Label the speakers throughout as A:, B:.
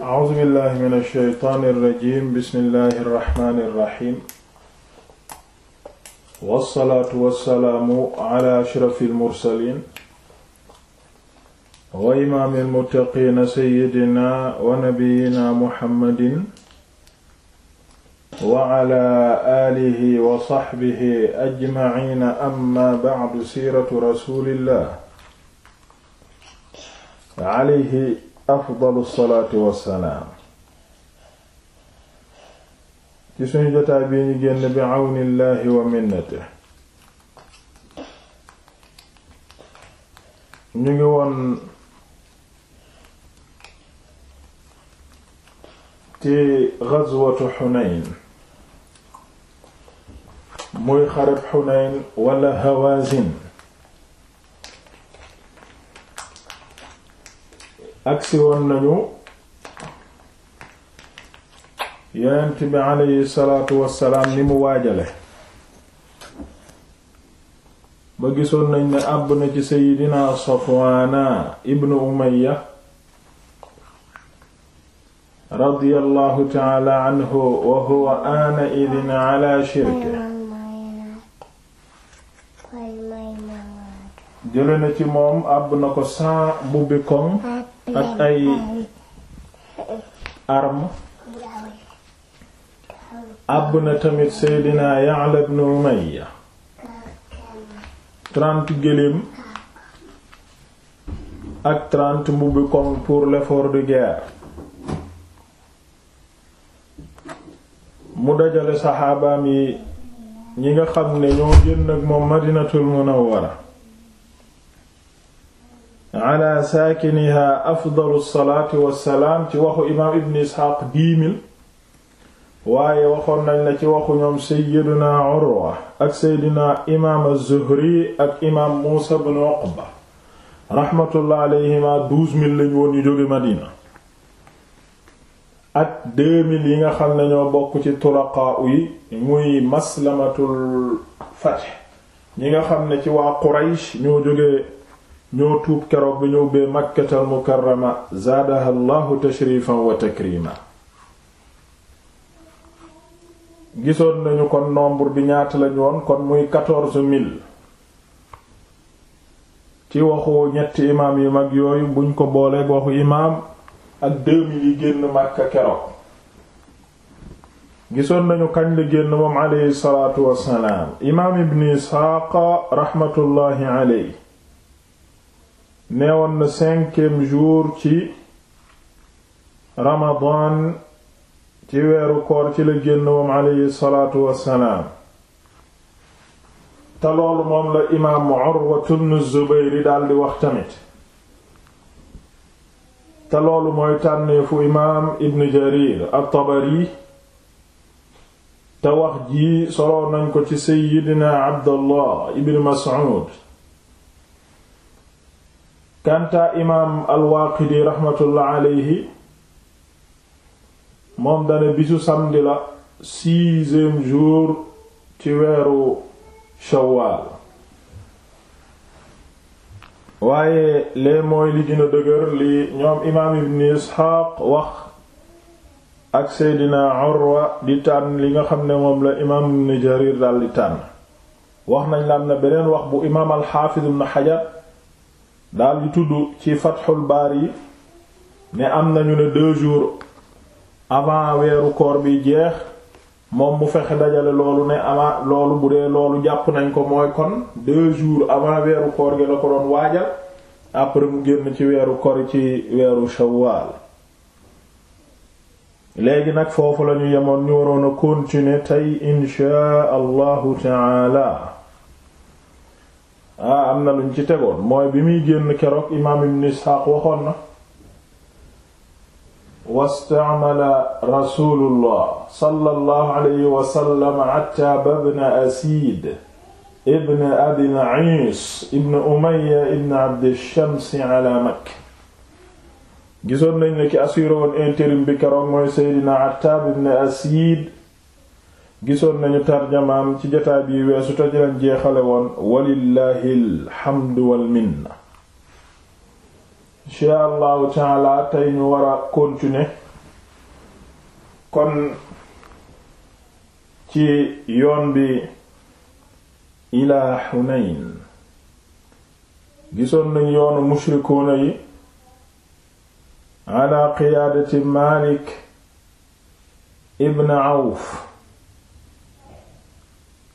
A: a'uuzu billahi min ash-shaytaani rajim bismillahi irrahmani irrahim wassalaatu wassalaamu ala ashrafi almursalin wa imaami almuttaqiina sayyidina wa nabiyina muhammadin wa ala aalihi wa saxbihi ajmaciina amma bacdu siiratu rasuulillah alayhi afdalu salaati wassalaam ci suñu jotaay bii ñu génn bi àwnillaahi wa minnate ñu ngi woon ci gazwatu xuneyn muy xareb xuneyn wala hawazin agsi woon nañu yonent bi aleyhi salaatu wassalaam ni mu waajale ba gisoon nañ ne àbb na ci seydina safwaana ibnu umayya radiyallahu taala anhu wa huwa aana idin ala shirke jële na ci moom àbb na ko saa mbubbi koŋ ah.
B: ak ay
A: arme àbb na tamit seydina Ya'la ibn Umayya trente gëléem ak trente mbubbi comme pour l'effort de guerre mu dajale saxaabaam yi ñi nga xam ne ñoo génn ak moom Madinatul Munawwara ala saakiniha afdalu salaatu wassalaam ci waaye waxoon nañ la ci waxu ñoom seydina urwa ak seydina imaam az-zuhri ak imaam muusa ibn uqba raxmatullah alayhima douze mille lañ woon yu jóge madina ak deux yi nga xam nañoo bokk ci tulaqaa yi maslamatul fath ñi nga xam ne ci waa quraysh ñoo jóge ñoo tuub keroog bi ñu ubbee makkatal mukarrama zaadaha allahu tashrifan wa takrima gisoon nañu kon nombre bi ñaata lañu woon kon muy quatorze mille ci waxu ñetti imaam yu mag yooyu buñ ko booleeg waxu imaam ak deux yi génn Makka keroog gisoon nañu kañ la génn moom aleyhi salaatu wassalaam imaam ibn Isxaaq raxmatullaahi aleyhi neewoon na cinquième jour ci ramadan ci weeru koor ci la génn moom aleyhi salaatu wassalaam te loolu moom la imaam Urwatu bnu Zubayr daldi wax tamit te loolu mooy tànneefu imaam Ibn Jarir at-Tabari te wax jii soloon nañ ko ci Seyyidina Abdallah Ibn Mas'ud kanta imaam al-Waaqidi raxmatullah moom dane bisu samedi la sixième jour ci weeru shawaal waaye lee mooy li gën dëgër li ñoom imaam ibn Isxaaq wax ak Seydina Urwa di tànn li nga xam ne moom la imaam ibn Jarir daldi tànn wax nañ la am na beneen wax bu imaam al-Xaafiz ibn daal di tudd ci baar yi ne am nañu ne deux jours avant weeru koor bi jeex moom mu fexe dajale loolu ne ama loolu bu dee loolu jàpp nañ ko mooy kon deux jours avant weeru koor gi la ko doon waajal après mu génn ci weeru koor ci weeru Shawwal léegi nag foofu lañu yemoon ñu waroon a continuer tey inshaa allahu taala ah am na luñ ci tegoon mooy bi muy génn keroog imaam ibn Isxaaq waxoon na wastaamala rasulullah sallallahu alayhi wa sallam Attaab ibn Asiid ibn Abi Naciis ibn Umayya ibn Abdi Shams ala Makka gisoon nañ ne ki assuré woon intérim bi keroog mooy Seydina Attaab ibn Asiid gisoon nañu tarjamaam ci jotaay bi weesu te jëlañ jeexale woon walillahi alhamdu wal insha allahu taala tey ñu war a continuer kon ci yoon bi ilaa Hunayn gisoon nañu yoonu mushrikuuna yi ala qiyaadati Maalik ibn Awf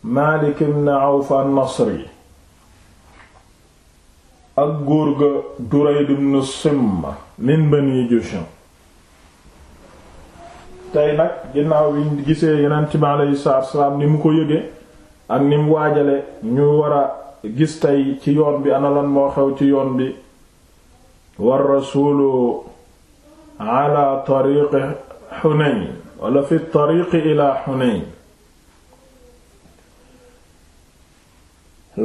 A: Maalik ibn Awf an-Nasri tey nag ginnaaw bi gisee Yonent bi aleyhi ni mu ko yëge ak ni mu waajale ñu war a gis tey ci yoon bi ana lan moo xew ci yoon bi war rasuulu ala tariiqi Hunayn wala fi tariiqi ila Hunayn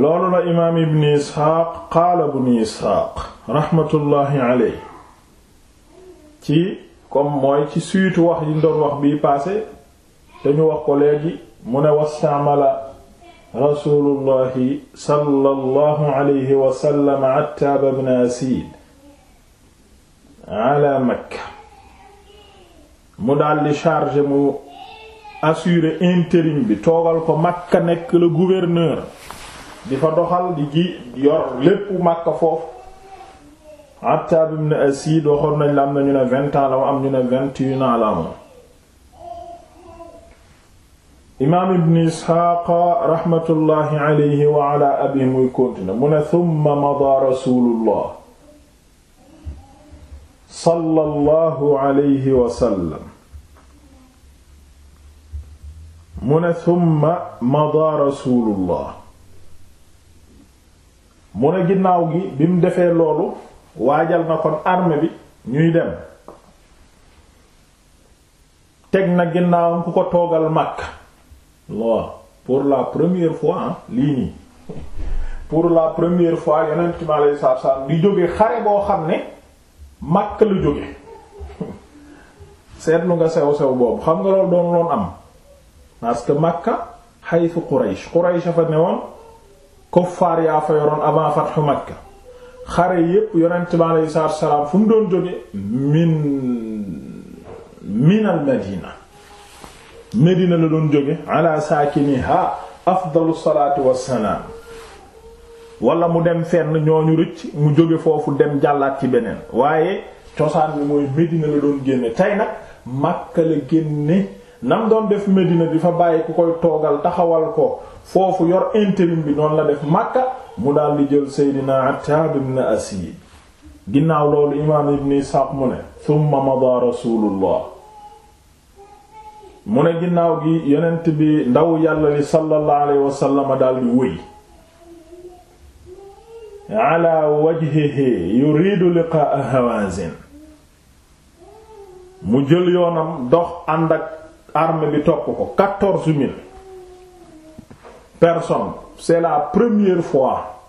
A: loolu la imaam ibn isxaaq qaala ibn isxaaq raxmatullaahi aley ci comme mooy ci suite wax yi doon wax bii passé te ñu wax ko léegi mu ne wastaamala rasuulullaahi sallallaahu alayhi wa sallam attaab ibn asiid ala makka mu daldi charge mu assuré intérim bi toogal ko makka nekk le gouverneur di doxal di ji yor lépp Makka foofu Attab ibn Asid waxoon nañ la am na ñu ne vingt ans la am ñu ne vingt imaam ibn Isxaaq raxmatullaahi alayhi wa ala abihi mu ne thumma mada rasulullah sallallahu mu ne thumma mada rasulullah mu ne ginnaaw gi bi mu defee loolu waajal na kon armée bi ñuy dem teg na ginnaawam ku ko toogal Makka waaw pour la première fois lii nii pour la première fois yeneen ci ma lay saab saab di jóge xare boo xam ne Makka la jóge seetlu nga sew sew boobu xam nga loolu doon loon am parce que Makka haythu Quraysh Quraysh fa ne woon koffaar yaa fa yoroon avant fathu Makka xare yépp yonent bi aleyhi salaatu salaam fu mu doon jóge min min al Madina la doon jóge ala saakiniha afdalu salaatu wassalaam wala mu dem fenn ñooñu rëcc mu jóge foofu dem jàllaat ci beneen waaye cosaan bi mooy Medina la doon génne tey nag Makka génne nam doon def Medina di fa bàyyi ku koy toogal taxawal ko foofu yor intérim bi noonu la def Makka mu daal di jël Seydina Attab ibn Asiid ginnaaw loolu imaam ibn Isxaaq mu ne thumma mada rasulullah mu ne ginnaaw gi yonent bi ndaw yàlla li sallallahu alayhi wasallam daal di wëy ala wajhihi yuridu liqaa Hawaazin mu jël yoonam dox ànd ak armée bi topp ko quatorze personnes c'est la première fois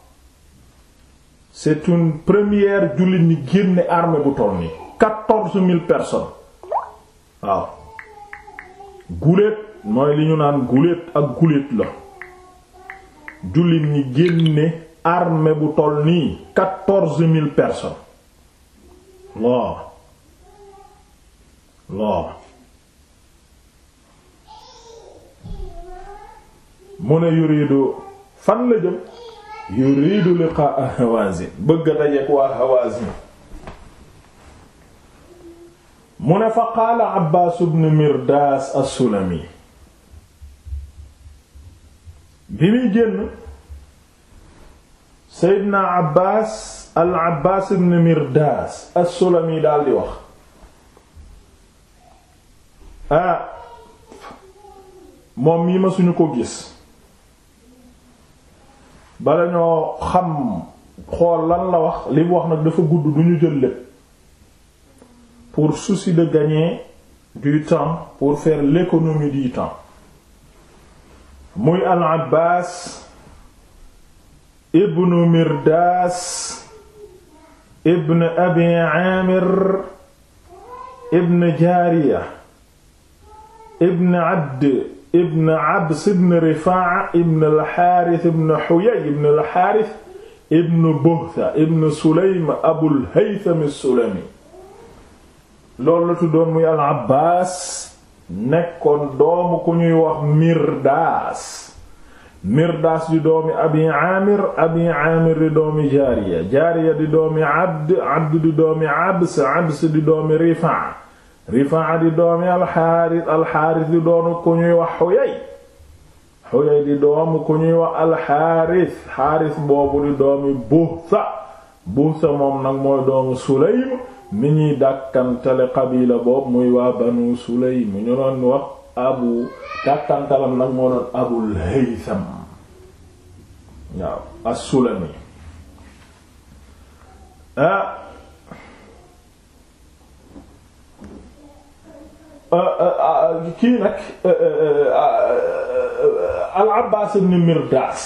A: c'est une première jullit ñi génne armée bu toll nii mille personnes waaw guléet mooy li ñu naan guléet ak guléet la jullit ñi génne armée bu toll nii quatorze personnes waaw waaw mu ne yuridu fan la jëm yuridu liqaa Hawazin bëgg dajeek waa Hawazin mu ne fa qaala Abbaas Mirdaas as bi muy génn Seydina Abbaas al-Abbaas Mirdaas as-Sulami di wax ah moom yi ma suñu ko gis bala ñoo xam xool lan la wax li mu wax nag dafa gudd du ñu jël lépp pour souci de gagner du temps pour faire l'économie du temps muy al Abbaas ibnu Mirdaas ibn Abi Aamir ibn Jaariya ibn Abd ibn Abs ibn Rifaa ibn al-Haaris ibn Huyay ibn al-Haaris ibn Buhtha ibn Sulaym Abul Haytham as-Sulami loolu la tuddoon muy al-Abbaas nekkoon doomu ku ñuy wax Mirdaas Mirdaas di doomi Abi Aamir Abi Aamir di doomi Jaariya Jaariya di doomi Abd Abd di doomi Abs Abs di doomi Rifaa Rifaa di doomi alxaaris alxaaris di doomu ku ñuy wax Xuyay Xuyay di doomu ku ñuy wax alxaaris xaaris boobu di doomi Buhsa Buhsa moom nag mooy doomu Sulaym ni ñuy dàkkantale xabiila boobu muy waa Banu Sulaym ñu doon wax abu dàkkantalam nag moo doon Abul Haysam waaw as-Sulami ah, Euh, euh, euh, kii nag al Abbaas ibn Mirdaas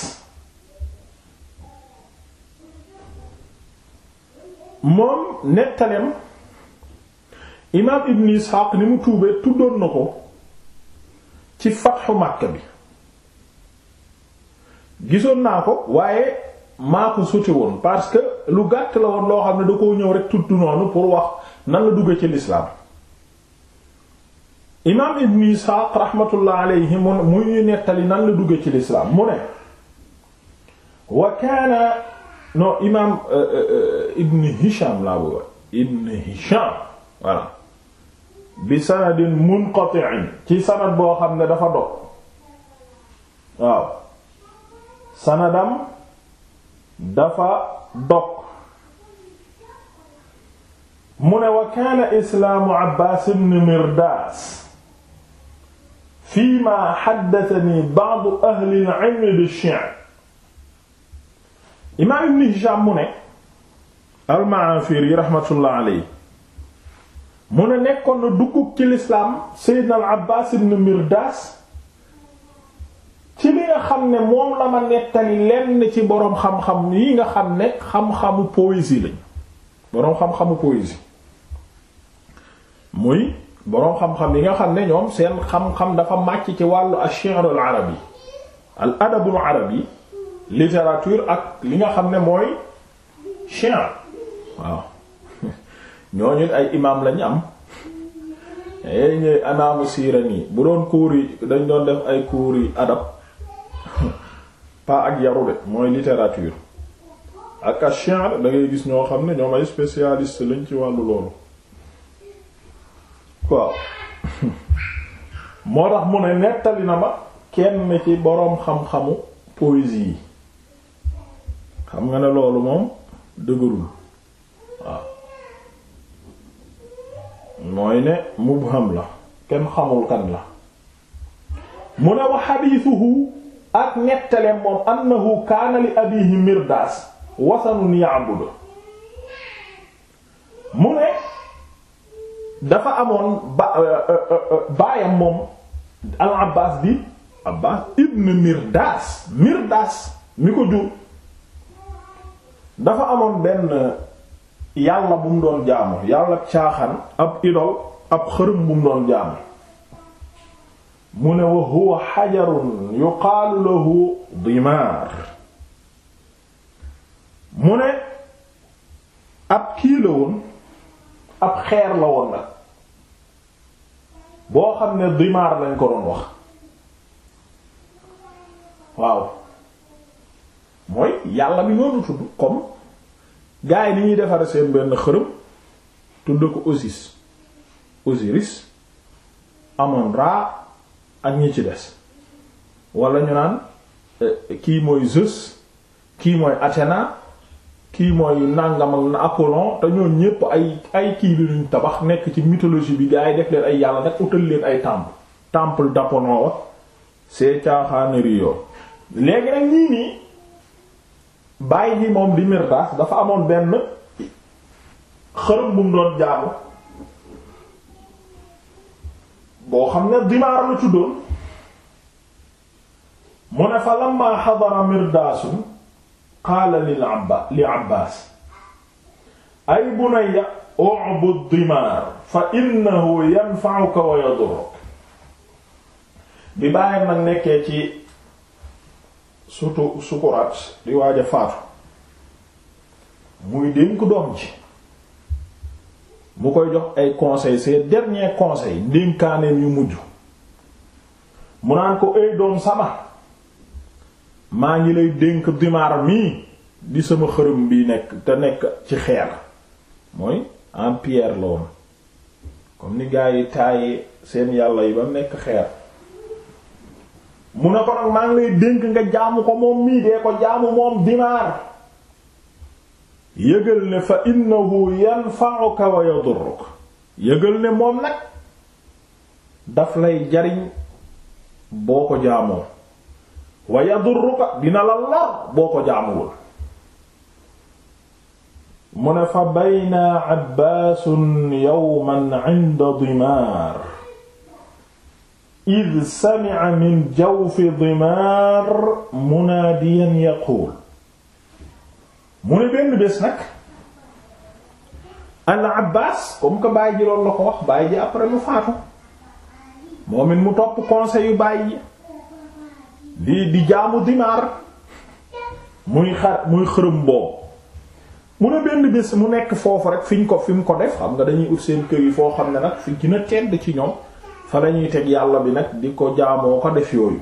A: moom nettalem imaam ibn Isxaaq ni mu tuubee tuddoon na ko ci fatxu Makka bi gisoon naa ko waaye maa ko suti woon parce que lu gàtt la woon loo xam ne da koo ñëw rek tudd noonu pour wax nan la dugge ci lislaam imaam ibn isxaaq raxmatullah alayhi mu muy nettali nan la dugge ci lislaam mu ne wa kaana non imaam euh, euh, euh, ibn hisham laa booba ibn hisham voilà bi sanadin munqati'in ci sanad boo xam ne dafa dog waaw sanadam dafa dog mu ne wa kaana islaamu abbaas ibn mirdaas fiima haddathani ba'du ahli al-'ilm bi-shi'r imaam ibn Hishaam mu ne al-Ma'aafiri rahmatullah mu ne nekkoon na dugub ci lislaam Seydina al-Abbaas ibn Mirdaas ci li nga xam ne moom la ma nettali lenn ci boroom xam-xam yi nga xam ne xam-xamu poésie lañ boroom xam-xamu poésie muy boroom xam-xam yi nga xam ne ñoom seen xam-xam dafa màcc ci wàllu ash-shi'r al-arabi al adab al-arabi littérature ak li nga xam ne mooy shi'r waaw ñooñu ay imaam lañu am ay eh, ñooy imaamu siirani bu doon cours yi dañ doon def ay cours yi adab pas ak yaru de mooy littérature ak ash-shi'r da ngay gis ñoo xam ne ñoom ay spécialiste lañ ci wàllu loolu waaw moo tax mu ne nettali na ma kenn ci boroom xam-xamu poésie xam nga ne loolu moom dëgërul waaw mooy ne mubham la kenn xamul kan la mu ne wa xadiisuhu ak nettaleem moom annahu kaana li abiihi mirdaas wasanun ya'budu mu ne dafa amoon ba euh, euh, euh, baayam moom al abbas di abbas ibn mirdas mirdas mi ko jur dafa amoon benn yàlla bu mu doon jaamu yàlla caaxaan ab idol ab xërëm bu mu doon jaamu mu ne wa huwa xajarun yuqaalu lahu dimaar mu ne ab kii la woon ab xeer la woon nag boo xam ne dimaar lañ ko doon wax waaw mooy yàlla mi noonu tudd comme gars ni ñuy defar seen benn xërëm tudd ko Osis Osiris Amon Ra ak ñi ci des wala ñu naan eh, kii mooy Zeus kii mooy Athéna kii mooy nàngam ak na Apollon te ñoom ñépp ay ay kii li luñ tabax nekk ci mythologie bi gaa yi def leen ay yàlla nag utal leen ay temple temple d'Apollon wax ah. see caaxaanari yoo léegi nii bàyyi ji moom di Mirdas dafa amoon benn xërëm bu mu doon boo xam ne dimaar la tuddoon mu ne fa lamma xadara Mirdaasun qaala lil abba li abbaas ay bunayya u'bud dimaar fa innahu yanfa'uka wa yadurruk bi bàyyam nag nekkee ci sutu sukuraat di waaj faatu muy dénk doom ci mu koy jox ay conseil ses derniers conseils ndénkaaneen yu mujj mu naan ko ay doom sama maa ngi lay dénk dimaar mii di sama xërëm bi nekk te nekk ci xeer mooy en pierre la woon ni gaa yi taaye seen yàlla yi ba nekk xeer mu ne ko nag maa ngi lay dénk nga jaamu ko moom mii dee ko jaamu moom dimaar yëgal ne fa innahu yanfa'uka wa yadurruk yëgal ne moom nag daf lay jariñ boo ko jaamoo wa yadurruka dina la lor boo ko jaamuwul mu ne fa bayna abbaasun yawman inda dimaar id sami'a min jawfi dimaar munaadiyan yaquul mu ne benn bés nag al abbaas comme que bàyyi ji loolu la ko wax ji après mu faatu moom it mu topp conseil yu di di jaamu dimaar muy xar muy xërëm boobu mu ne benn bés mu nekk foofu rek fi ko fi mu ko def xam nga dañuy ut seen kër yi foo xam ne nag fi gën a tedd ci ñoom fa la ñuy teg yàlla bi nag di ko jaamoo ko def yooyu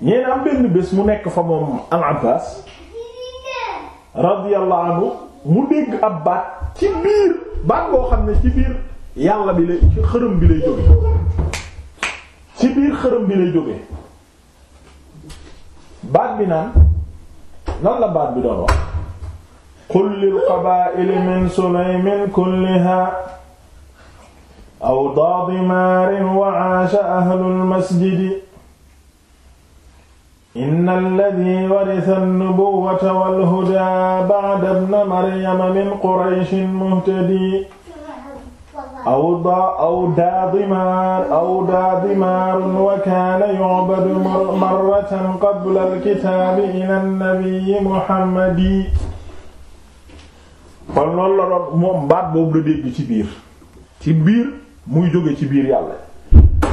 A: ñeen am benn bés mu nekk fa moom al Abbaas radiyallahu anhu mu dégg ab baat ci biir baat boo xam ne ci biir yàlla bi lay ci xërëm bi lay jóge ci biir xërëm bi lay jóge baat bi naan lan la baat bi doon wax qul lil qabaa'ili min sulaymin kulliha aw daadimaarin wa aasha ahlul masjidi inna alladhi waritha an-nubuwwata wal hudaa ba'da ibn maryama min qurayshin muhtadi aw da aw daadimaar aw daadimaarun wa kaana yu'badu marratan qabla alkitaabi ila nnabiyi muhammadi kon loolu la doon moom baat boobu la dégg ci biir ci biir muy jóge ci biir yàlla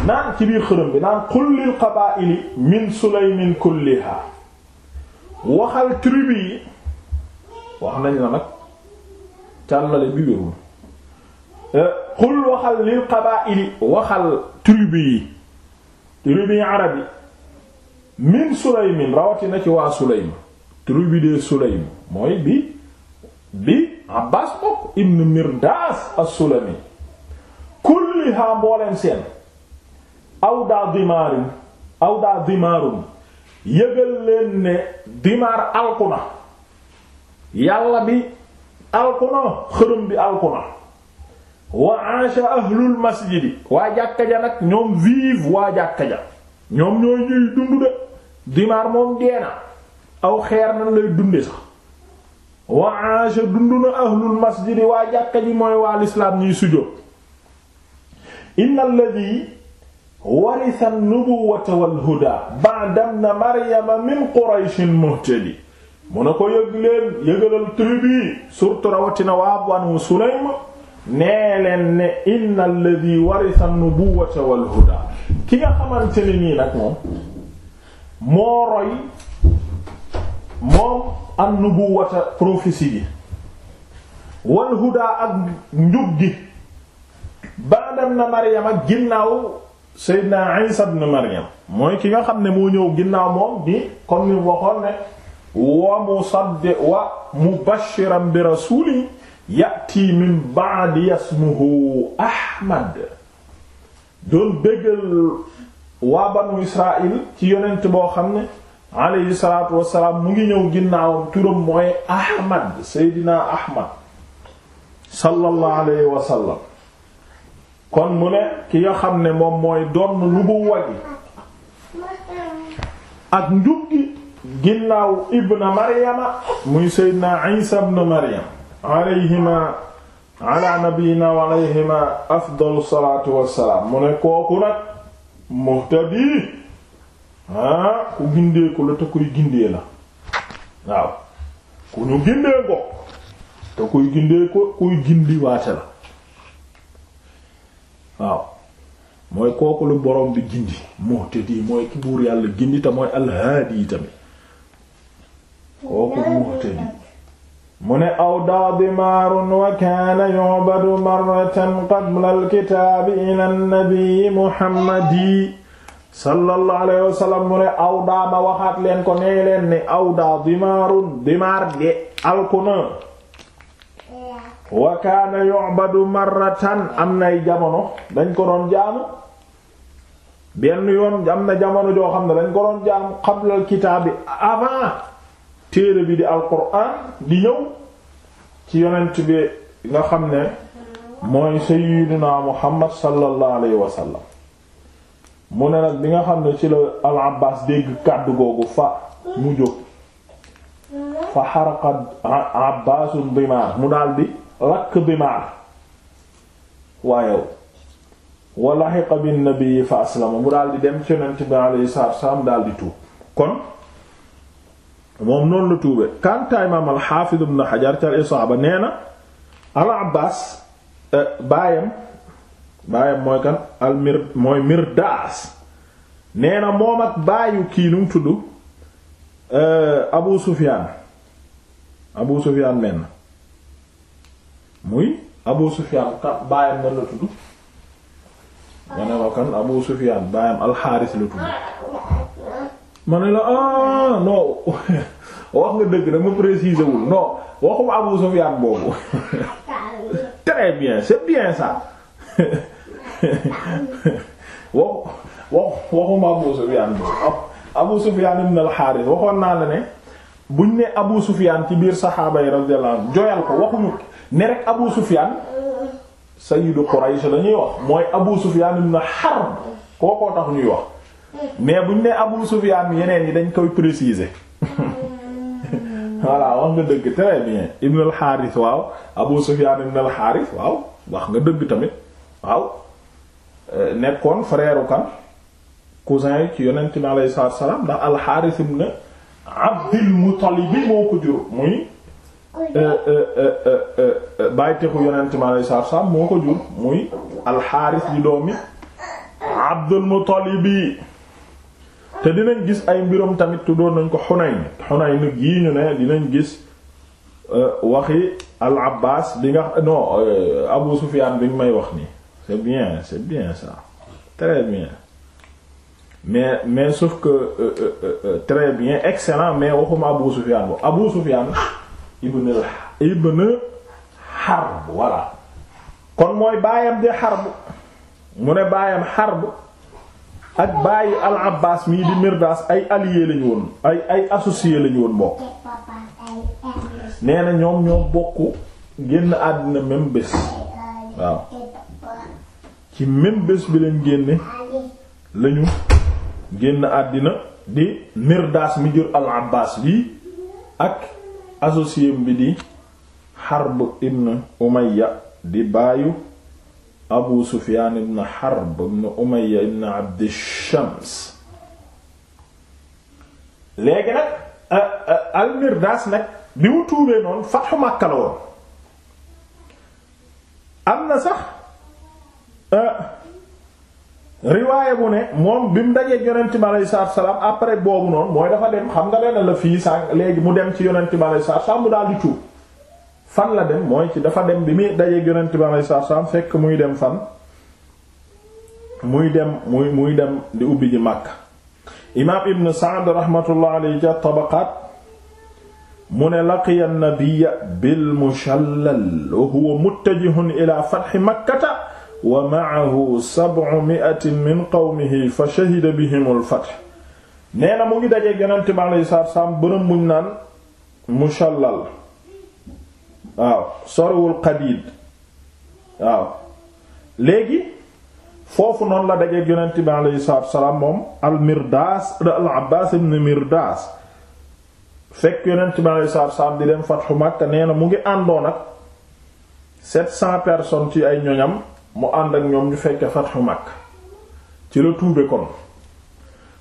A: naan ci biir xërëm bi naan qul lil qabaa'ili min sulaymin kulliha waxal tribu yi wax nañ la nag càllale bi wérul xul waxal lil qabaa'ili waxal tribu yi min sulaymin rawatina ci waa sulaym tribu de sulaym mooy bi bi abbas bokk ibn mirdaas as-sulami kulliha mbooleen seen aw daa dimaarin aw daa dimaarum yëgal leen ne dimaar alkuna yàlla bi alkuna xërëm bi alkuna wa aasha ahlul masjidi waa jàkka ja nag ñoom vive waa jàkka ja ñoom ñooy ñuy dund de dimaar moom dee na aw xeer nan lay dunde sax wa aasha dund na ahlul masjidi waa jàkka ji mooy waa lislaam ñuy sujjóot inna alladhi warisa an wal huda ba'da ibn maryama min qurayshin mu na ko yëg leen yëgalal tribu surtout rawatina waa banu sulaym nee leen ne inna alladhi warisa an-nubuwwata wal huda ki nga xamante ne nii nag moom moo roy moom an-nubuwwata prophétie bi wal huda ak njub gi baadam na ginnaaw Seydina Isa ibn Maryam mooy ki nga xam ne moo ñëw ginnaaw moom bi comme ni waxoon ne wa musaddi wa mubashiran bi rasuli yati min ba'di yasmuhu ahmad doon béggal waa banu israil ci yonent boo xam ne aleyhi salaatu mu ngi ñëw ginnaawam turam mooy ahmad seydina ahmad sallallahu alayhi wa kon mu ne ki nga xam ne moom mooy doon lu bu wagi ak njub ginnaaw ibna maryama muy seydina isa ibn maryam alayhima ala nabiyina wa alayhima afdalu salaatu wassalaam mu ne kooku nag muhtadi ah ku gindeeku la te kuy gindee la waaw ku ñu gindee ko te kuy gindee ko kuy gindi waate la waaw mooy kooku lu borom bi gindi muhtadi mooy ki buur yàlla gindi te mooy alhaadi yi tamit kooku muhtadi mu ne aw daadi maarun wa kaana yu'badu marratan qabla alkitaabi muhammadi sallallahu alayhi wa sallam mu ne waxaat leen ko nee ne aw daa dimaarun dimaar de alkuna wa kaana yu'badu am nay jamono dañ ko doon yoon am na jamono joo xam ne dañ ko doon qabla alkitaabi avant téere bi di alquran di ñëw ci yonent bi nga xam ne mooy sayyidina muhammad sallallahu alayhi wa sallam mu ne nag bi nga xam ne ci la al abbas dégg kàddu googu fa mu jóg fa xaraqa abbaasun bimaar mu daldi lakk bimaar waaye wa laxiqa bin nabiyyi fa aslama mu daldi dem ci yonent bi alayhi salaatu wa salaam daldi tuub kon moom noonu la tuube kanta imaam alxaafid ibn xajar ca isaaba nee na al abbaas eh, baayam baayam mooy kan al mir mooy mirdaas nee moom ak baayu kii num tudd eh, abu sufiyaan abu sufiyaan menn muy abu sufiyaan ka baayam nan la tudd ma ne kan abu sufiyaan baayam alxaaris la tudd ma ne la ah non wax nga dëgg dama préciser wul non waxuma Abu Sufyan boobu très bien c'est bien ça wax wax waxuma Abu Sufyan boobu Abu Sufyan ibn al-Harith waxoon naa la ne buñ ne Abu Sufyan ci biir saxaaba yi radiyallahu anhu jooyal ko waxuñu ne rek Abu Sufyan sayyidu Quraysh la ñuy wax mooy Abu Sufyan ibn Harb kookoo tax ñuy wax. mais bu ñu ne Abu Sufyaan yeneen yi dañ koy préciser voilà wax nga dëgg très bien Ibn al waaw Abu Sufyaan Ibn al waaw wax nga dëgg tamit waaw euh, nekkoon frère kan cousin yi ci yonent bi alayhi salaatu wa salaam ndax al-Harith Abdul Muttalib moo ko jur muy euh, euh, bàytexu yonent bi alayhi salaatu moo ko jur muy al-Harith di doomi Abdul Muttalib te dinañ gis ay mbiram tamit tuddoon nañ ko Xunayn Xunayn gii ñu ne dinañ gis euh, waxi al Abbas bi nga non euh, Abu Sufyan bi may wax nii c'est bien c'est bien très bien mais mais sauf que euh, très bien excellent mais waxuma Abu Sufyan bo Abu Sufyan ibn ibn Harb kon mooy baayam di Harb mu ne baayam Harb ak bàyyi al abbas mii di mirdas ay alliés lañu woon ay ay associés lañu woon bokk nee na ñoom ñoo bokk génn àddina même bés waaw ci même bés bi leen génne lañu génn àddina di mirdas mi jur al abbas bi ak associé bi di Harb ibn Umayya di baayu abu sufiyaan ibn harb ibn umayya ibn abdi shams léegi nag almirdaas nag bi mu tuubee noonu fatxu Makka la woon am na sax riwaaye bu ne moom bi mu dajee yonent bi aleyhi salaam après boobu noonu mooy dafa dem xam nga leen la fii sànq léegi mu dem ci yonent bi aleyhi salaam mu daal di tuub fan dem mooy ki dafa dem bi muy dajeeg yonent bi salaam fekk muy dem fan muy dem muy muy di ubbi ji Makka imaam ibn Sa'd rahmatullah alayhi ja tabaqaat mu ne laqiya nabiyya bil mushallal wa huwa muttajihun ila fathi makkata wa ma'ahu sab'u min qawmihi fa shahida bihimul fath nee na mu ngi dajeeg yonent bi alayhi salaatu salaam bërëm buñ naan waaw sorewul Qadiid waaw léegi foofu noonu la dajeeg yonent bi aleyhi salaatu salaam moom al Mirdaas al Abbaas ibn Mirdaas fekk yonent bi aleyhi salaatu salaam di dem fat Makka nee na mu ngi àndoo nag sept cent personnes ci ay ñoñam mu ànd ak ñoom ñu fekke Fathu Makka ci la tuube kon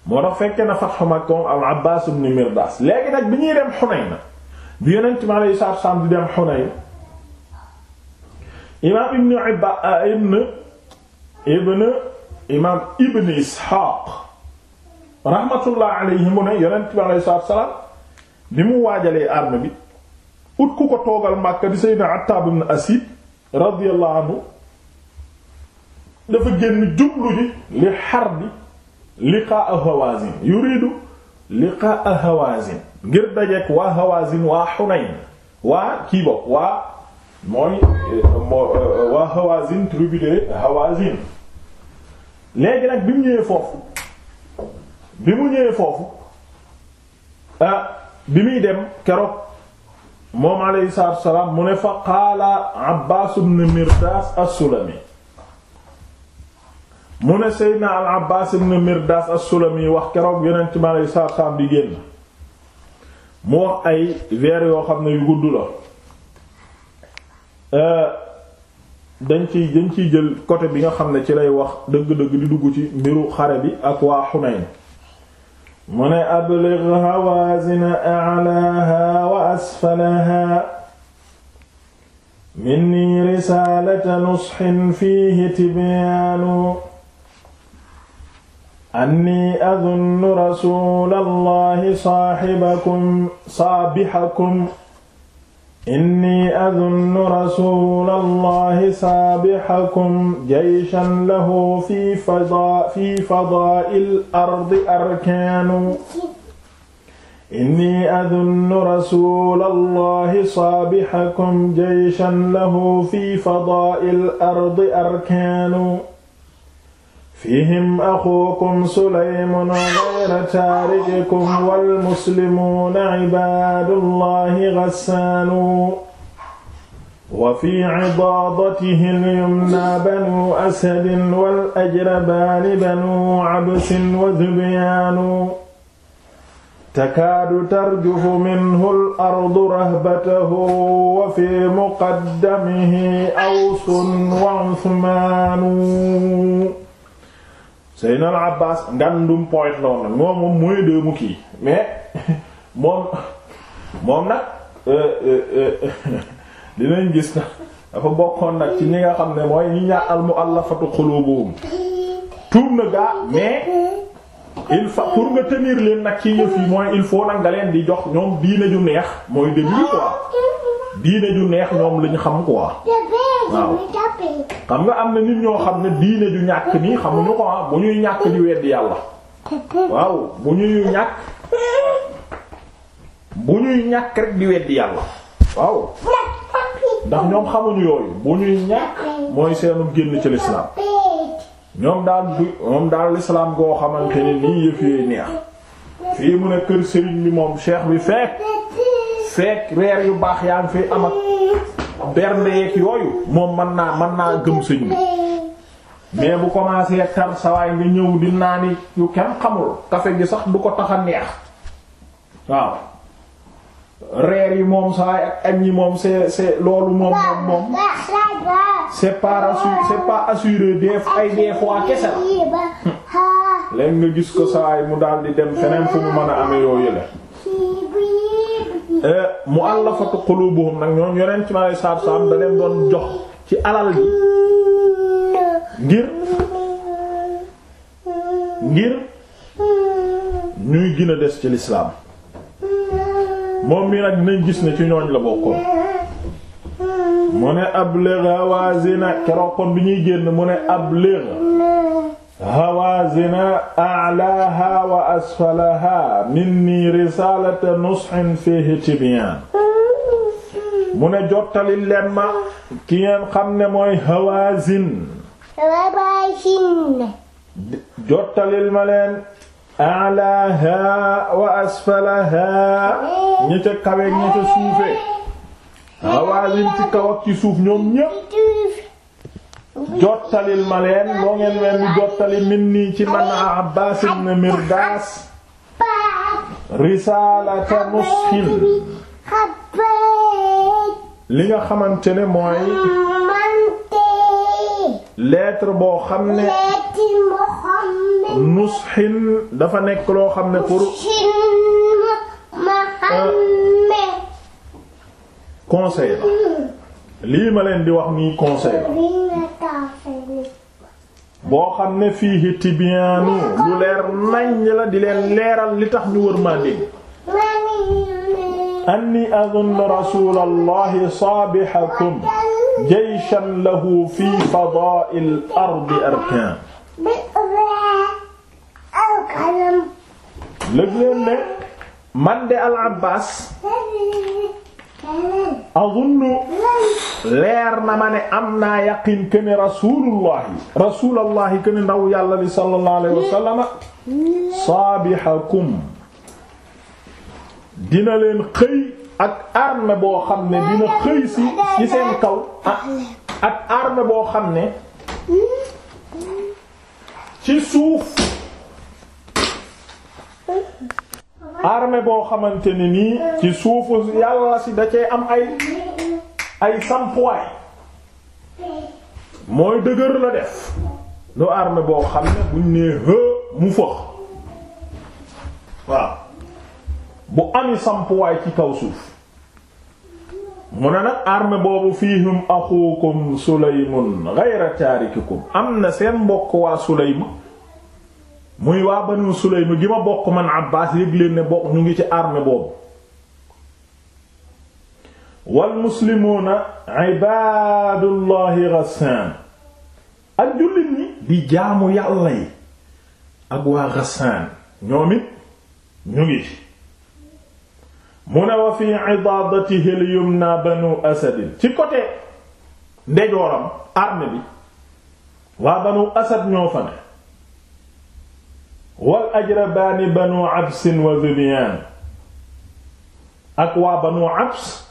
A: moo tax fekke na Fathu Makka moom al Abbaas Mirdaas léegi nag bi ñuy dem Hunayn bi yonent mi alayhi salaatu salaam di dem Hunayn imaam ibn Ibba eh, ibn ibn imaam ibn Isxaaq rahmatullah alayhi mu ne yonent mi alayhi salaatu salaam bi mu waajalee arme bi ut ku ko toogal Makka di Sayyidina Attaab ibn Asiid radiyallahu anhu dafa génn jublu ji li xarbi liqaa'a Hawaazin yuriidu liqaa Hawazin ngir dajeek waa Hawazin waa Hunayn waa kii bopp waa mooy waa Hawazin tribu de Hawazin léegi nag bi mu ñëwee foofu bi mu ñëwee foofu ah bi muy dem keroog moom alayhi salaatu wa salaam mu ne fa qaala Abbaas ibn Mirdaas as-Sulami mu ne seydna al abbaas ibn mirdaas as-sulami wax keroog yonent mi aleyhi salaatu salaam di génn mu wax ay vers yoo xam ne yu gudd la euh, dañ ci dañ ciy jël côté bi nga xam ne ci lay wax dëgg-dëgg di dugg ci mbiru xare bi ak waa xunayn mu ne ablig hawaazina a'laaha wa asfalaha minni risaalata nusxin fiihi tibyaanu anni adunnu rasulallahi saaxibakum saabixakum inni adunnu rasulallahi saabixakum jayshan lahu fi fadaa fi fadaa'il ardi arkaanu inni adunnu rasulallahi saabixakum jayshan lahu fi fadaa'il ardi arkaanu fihim axuukum sulaymun ghayra taarikikum wal muslimuuna ibaadullahi ghassaanu wa fi cidaadatihi al-yumnaa banuu asadin wal ajrabaani banuu cabsin wa zubyaanu takaadu tarjufu minhu al-ardu rahbatahu wa fi muqaddamihi awsun wa cusmaanu Seydina al Abbas ngandum point la nag moom mooy dee mu kii mais moom moom nag euh, euh, euh, dinañ gis na dafa bokkoon nag ci ñi nga xam ne mooy ñi ñaa al mu'allafatu qulubuhum tuub na gaa mais il faut pour nga tenir leen nag ci yëf yi mooy il faut nag nga leen di jox ñoom diine ju neex mooy début quoi diine ju neex ñoom lañ xam quoi waaw xam nga am na nit ñoo xam ne diine ju ñàkk nii xamuñu ko ah bu ñuy ñàkk di weddi yàlla waaw bu ñuy ñàkk bu ñuy ñàkk rek di weddi yàlla waaw ndax ñoom xamuñu yooyu bu ñuy ñàkk mooy seenu génn ci lislaam ñoom daal du ñoom daal lislaam goo xamante ne nii yëf yooyu neex fii mu ne kër sëriñ bi moom cheikh bi fekk fekk reer yu baax yaa ngi fi am ak yooyu moom man naa man naa gëm sëñ mais bu commencé tar sawaay nga ñëw di ni yu kenn xamul café gi sax du ko tax a neex waaw reer yi moom sawaay ak añ yi moom c'est c'est loolu moom moom moom c'est pas c'est pas assuré des ay des fois kese la
B: hmm. léegi
A: nga gis ko sawaay mu daal di dem feneen fu mu mën a amee yooyu la Eh, mu'allafatu qulubuhum nag ñoom yonent ma lay saab saab da leen doon jox ci alal ji ngir ngir ñuy gën des ci lislaam moom mi nag dinañ gis ne ci ñooñ la bokkoon mu ne abligh waazina keroog kon bi ñuy génn mu ne abligh hawaazina a'laaha wa asfalaha minni risaalata nusxin fiihi tibyaan mu ne jottali leen ma ki ngeen xam ne mooy hawaazin jottalil ma leen a'laaha wa asfalaha ñi ca kawe ñi ca suufe hawaazin ci kaw ak ci suuf ñoom ñépp jottalil ma leen moo ngeen leen di jottali min nii ci man Abbaas ibn Mirdaas risaalata nushil li nga xamante ne mooy lettre boo xam ne nushin dafa nekk loo xam ne pour
B: euh,
A: conseil la lii ma leen di wax nii conseil boo xam ne fii tibiyaanu lu leer naññ la di leen leeral li tax ñu wër maa dégg anni azunnu rasulallahi saabihakum jayshan lahu fi fadaa'il ardi
B: arkaan
A: lëg leen de al azunnu leer na ma am na yaqin que ne rasulullahi rasulullahi que ne ndaw yàlla li sallallahu alayhi wa sallam saabihakum dina leen xëy ak arme boo xam ne dina xëy ci seen kaw ah, ak arme boo xam ne ci suuf arme boo xamante ni nii ci suufu yàlla si da cee am ay ay sampuwaay mooy dëgër la def lu armée boo xam ne buñ nee hë mu fëx waaw bu ami sampuwaay ci kaw suuf mu ne nag armée boobu fiihum axuukum sulaymun ghayra taarikikum am na seen mbokk waa sulaym muy waa Banu Sulaym gi ma bokk man Abbaas yëg ne bokk ñu ngi ci armée boobu wal muslimuuna ibaadullahi Ghassan ak jullit ñi di jaamu yàlla yi ak waa Ghassan ñoom it ñu ngi mu ne wa fi idaadatihi al-yumna Banu Asad ci côté ndejooram armée bi waa Banu Asad ñoo fa ne wal ajrabaani banu absin wa dhubyan ak waa banu abs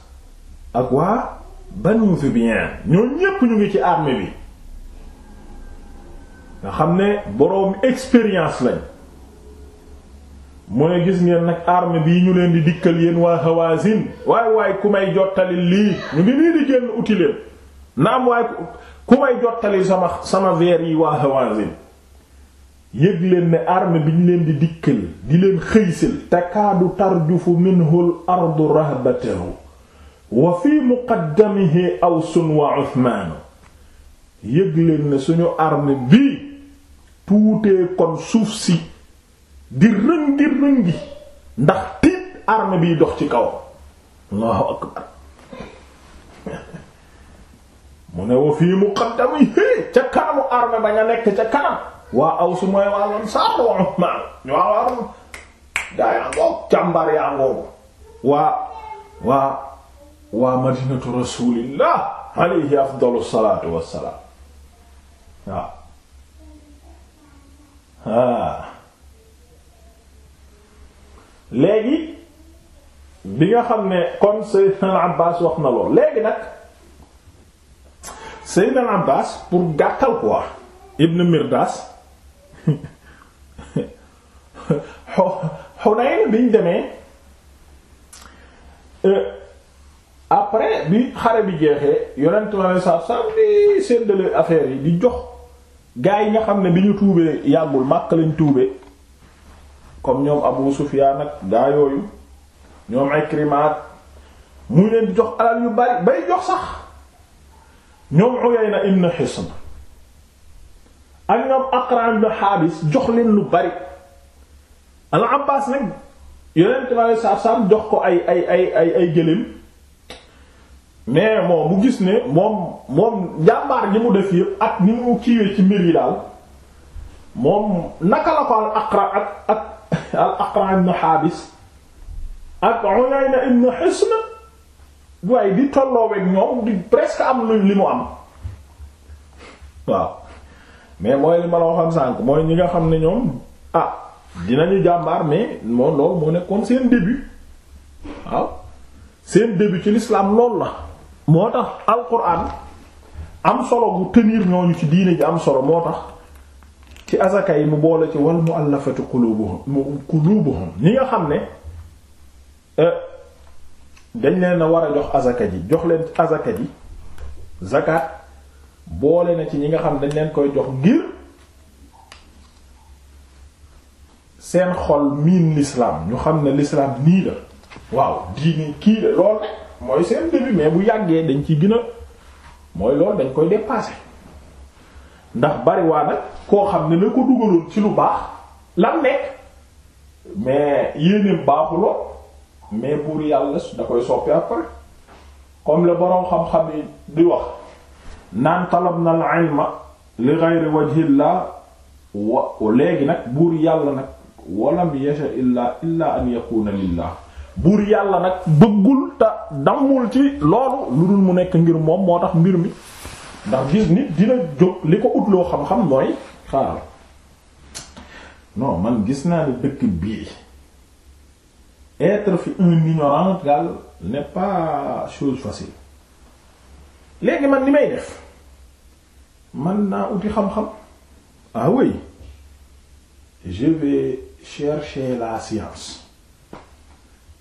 A: ak waa banu dhubyan ñoo ñépp ñu ngi ci armée bi nga xam ne boroom expérience lañ mu gis ngeen nag arme bii ñu leen di dikkal yéen waa Hawazin waaye waay ku may jottali lii ñu ngi nii di génn uti leen naam waay ku may jottali sama sama veer yi waa Hawazin yëg ne arme bi ñu leen di dikkal di leen xëysal takaadu tarjufu minhul ardu rahbatahu wa fi muqaddamihi awsun wa uthmaanu yëg ne suñu arme bii tuutee kon suuf si di rëngi rëngi ndax tiit arme biy dox ci kaw mu ne wa fi muqaddamihi ca kanamu arme ba nga nekk ca kanam waa aw su mooy waa lansaar waa Usmaan waa waa gaa yaa ngoog càmbar yaa ngoog waa waa waa madinatu rasulillah alayhi afdalu salaatu wassalaam waaw léegi bi nga xam ne kon Seydina al Abbaas wax na lool léegi nag Seydina al pour gàttal quoi Ibn Mirdaas Hunayn biñ demee euh, après bi xare bi jeexee yonent ma ne saab saab di séddale affaire yi di jox gaa yi nga xam ne bi ñu tuubee yàggul Makka lañ tuubee comme ñoom Abu Sufyaan ak gaa yooyu ñoom Ikrima mu leen jox alal yu bari bay jox sax ñoom Uyayna ibn Hisn ak ñoom Aqra ibn Haabis jox leen lu bari al Abbaas nag yonent bi aleyhi salaatu salaam jox ko ay ay ay ay gëléem mais moom mu gis ne moom moom njàmbaar gi mu def yëpp ak ni mu kiiwee ci mbir yi daal moom naka la ko al Aqra ak ak ak waaye di tolloo ak ñoom di presque am lu li mu am waaw. mais mooy li ma la waxoon sànk mooy ñi nga xam ne ñoom ah dinañu jàmbaar mais moom loolu moo nekkoon seen début waaw seen début ci l'islam loolu la moo tax alquran am solo bu tenir ñooñu ci diine ji am solo moo tax ci asaka yi mu boole ci wal mu'allafati qulubuhum qulubuhum ñi nga xam ne euh, dañ leen a war a jox azaka ji jox leen azaka ji zakat boole na ci ñi nga xam dañ leen koy jox ngir seen xol miin l'islam ñu xam ne l'islam nii la waaw diini kii la lool mooy seen début mais bu yàggee dañ ciy gën mooy lool dañ koy dépasser ndax bariwaa nag koo xam ne la ko dugaloon ci lu baax lan nekk mais yéenéem baaxuloo mais buur yàlla da koy soppi après comme le boroom xam-xam yi di wax naan talabna al ilma li ghayri wajhillah wa léegi nag buur yàlla nag walam yasha illaa illaa an yakuna lillah buur yàlla nag bëggul te dammul ci loolu lu dul mu nekk ngir moom moo tax mbir mi ndax gis nit dina jóg li ko utloo xam-xam mooy xaaral non man gis naa ne dëkk bii être fi un ignorant daal n'est pas chose facile léegi man ni may def man naa uti xam-xam ah oui je vais chercher la science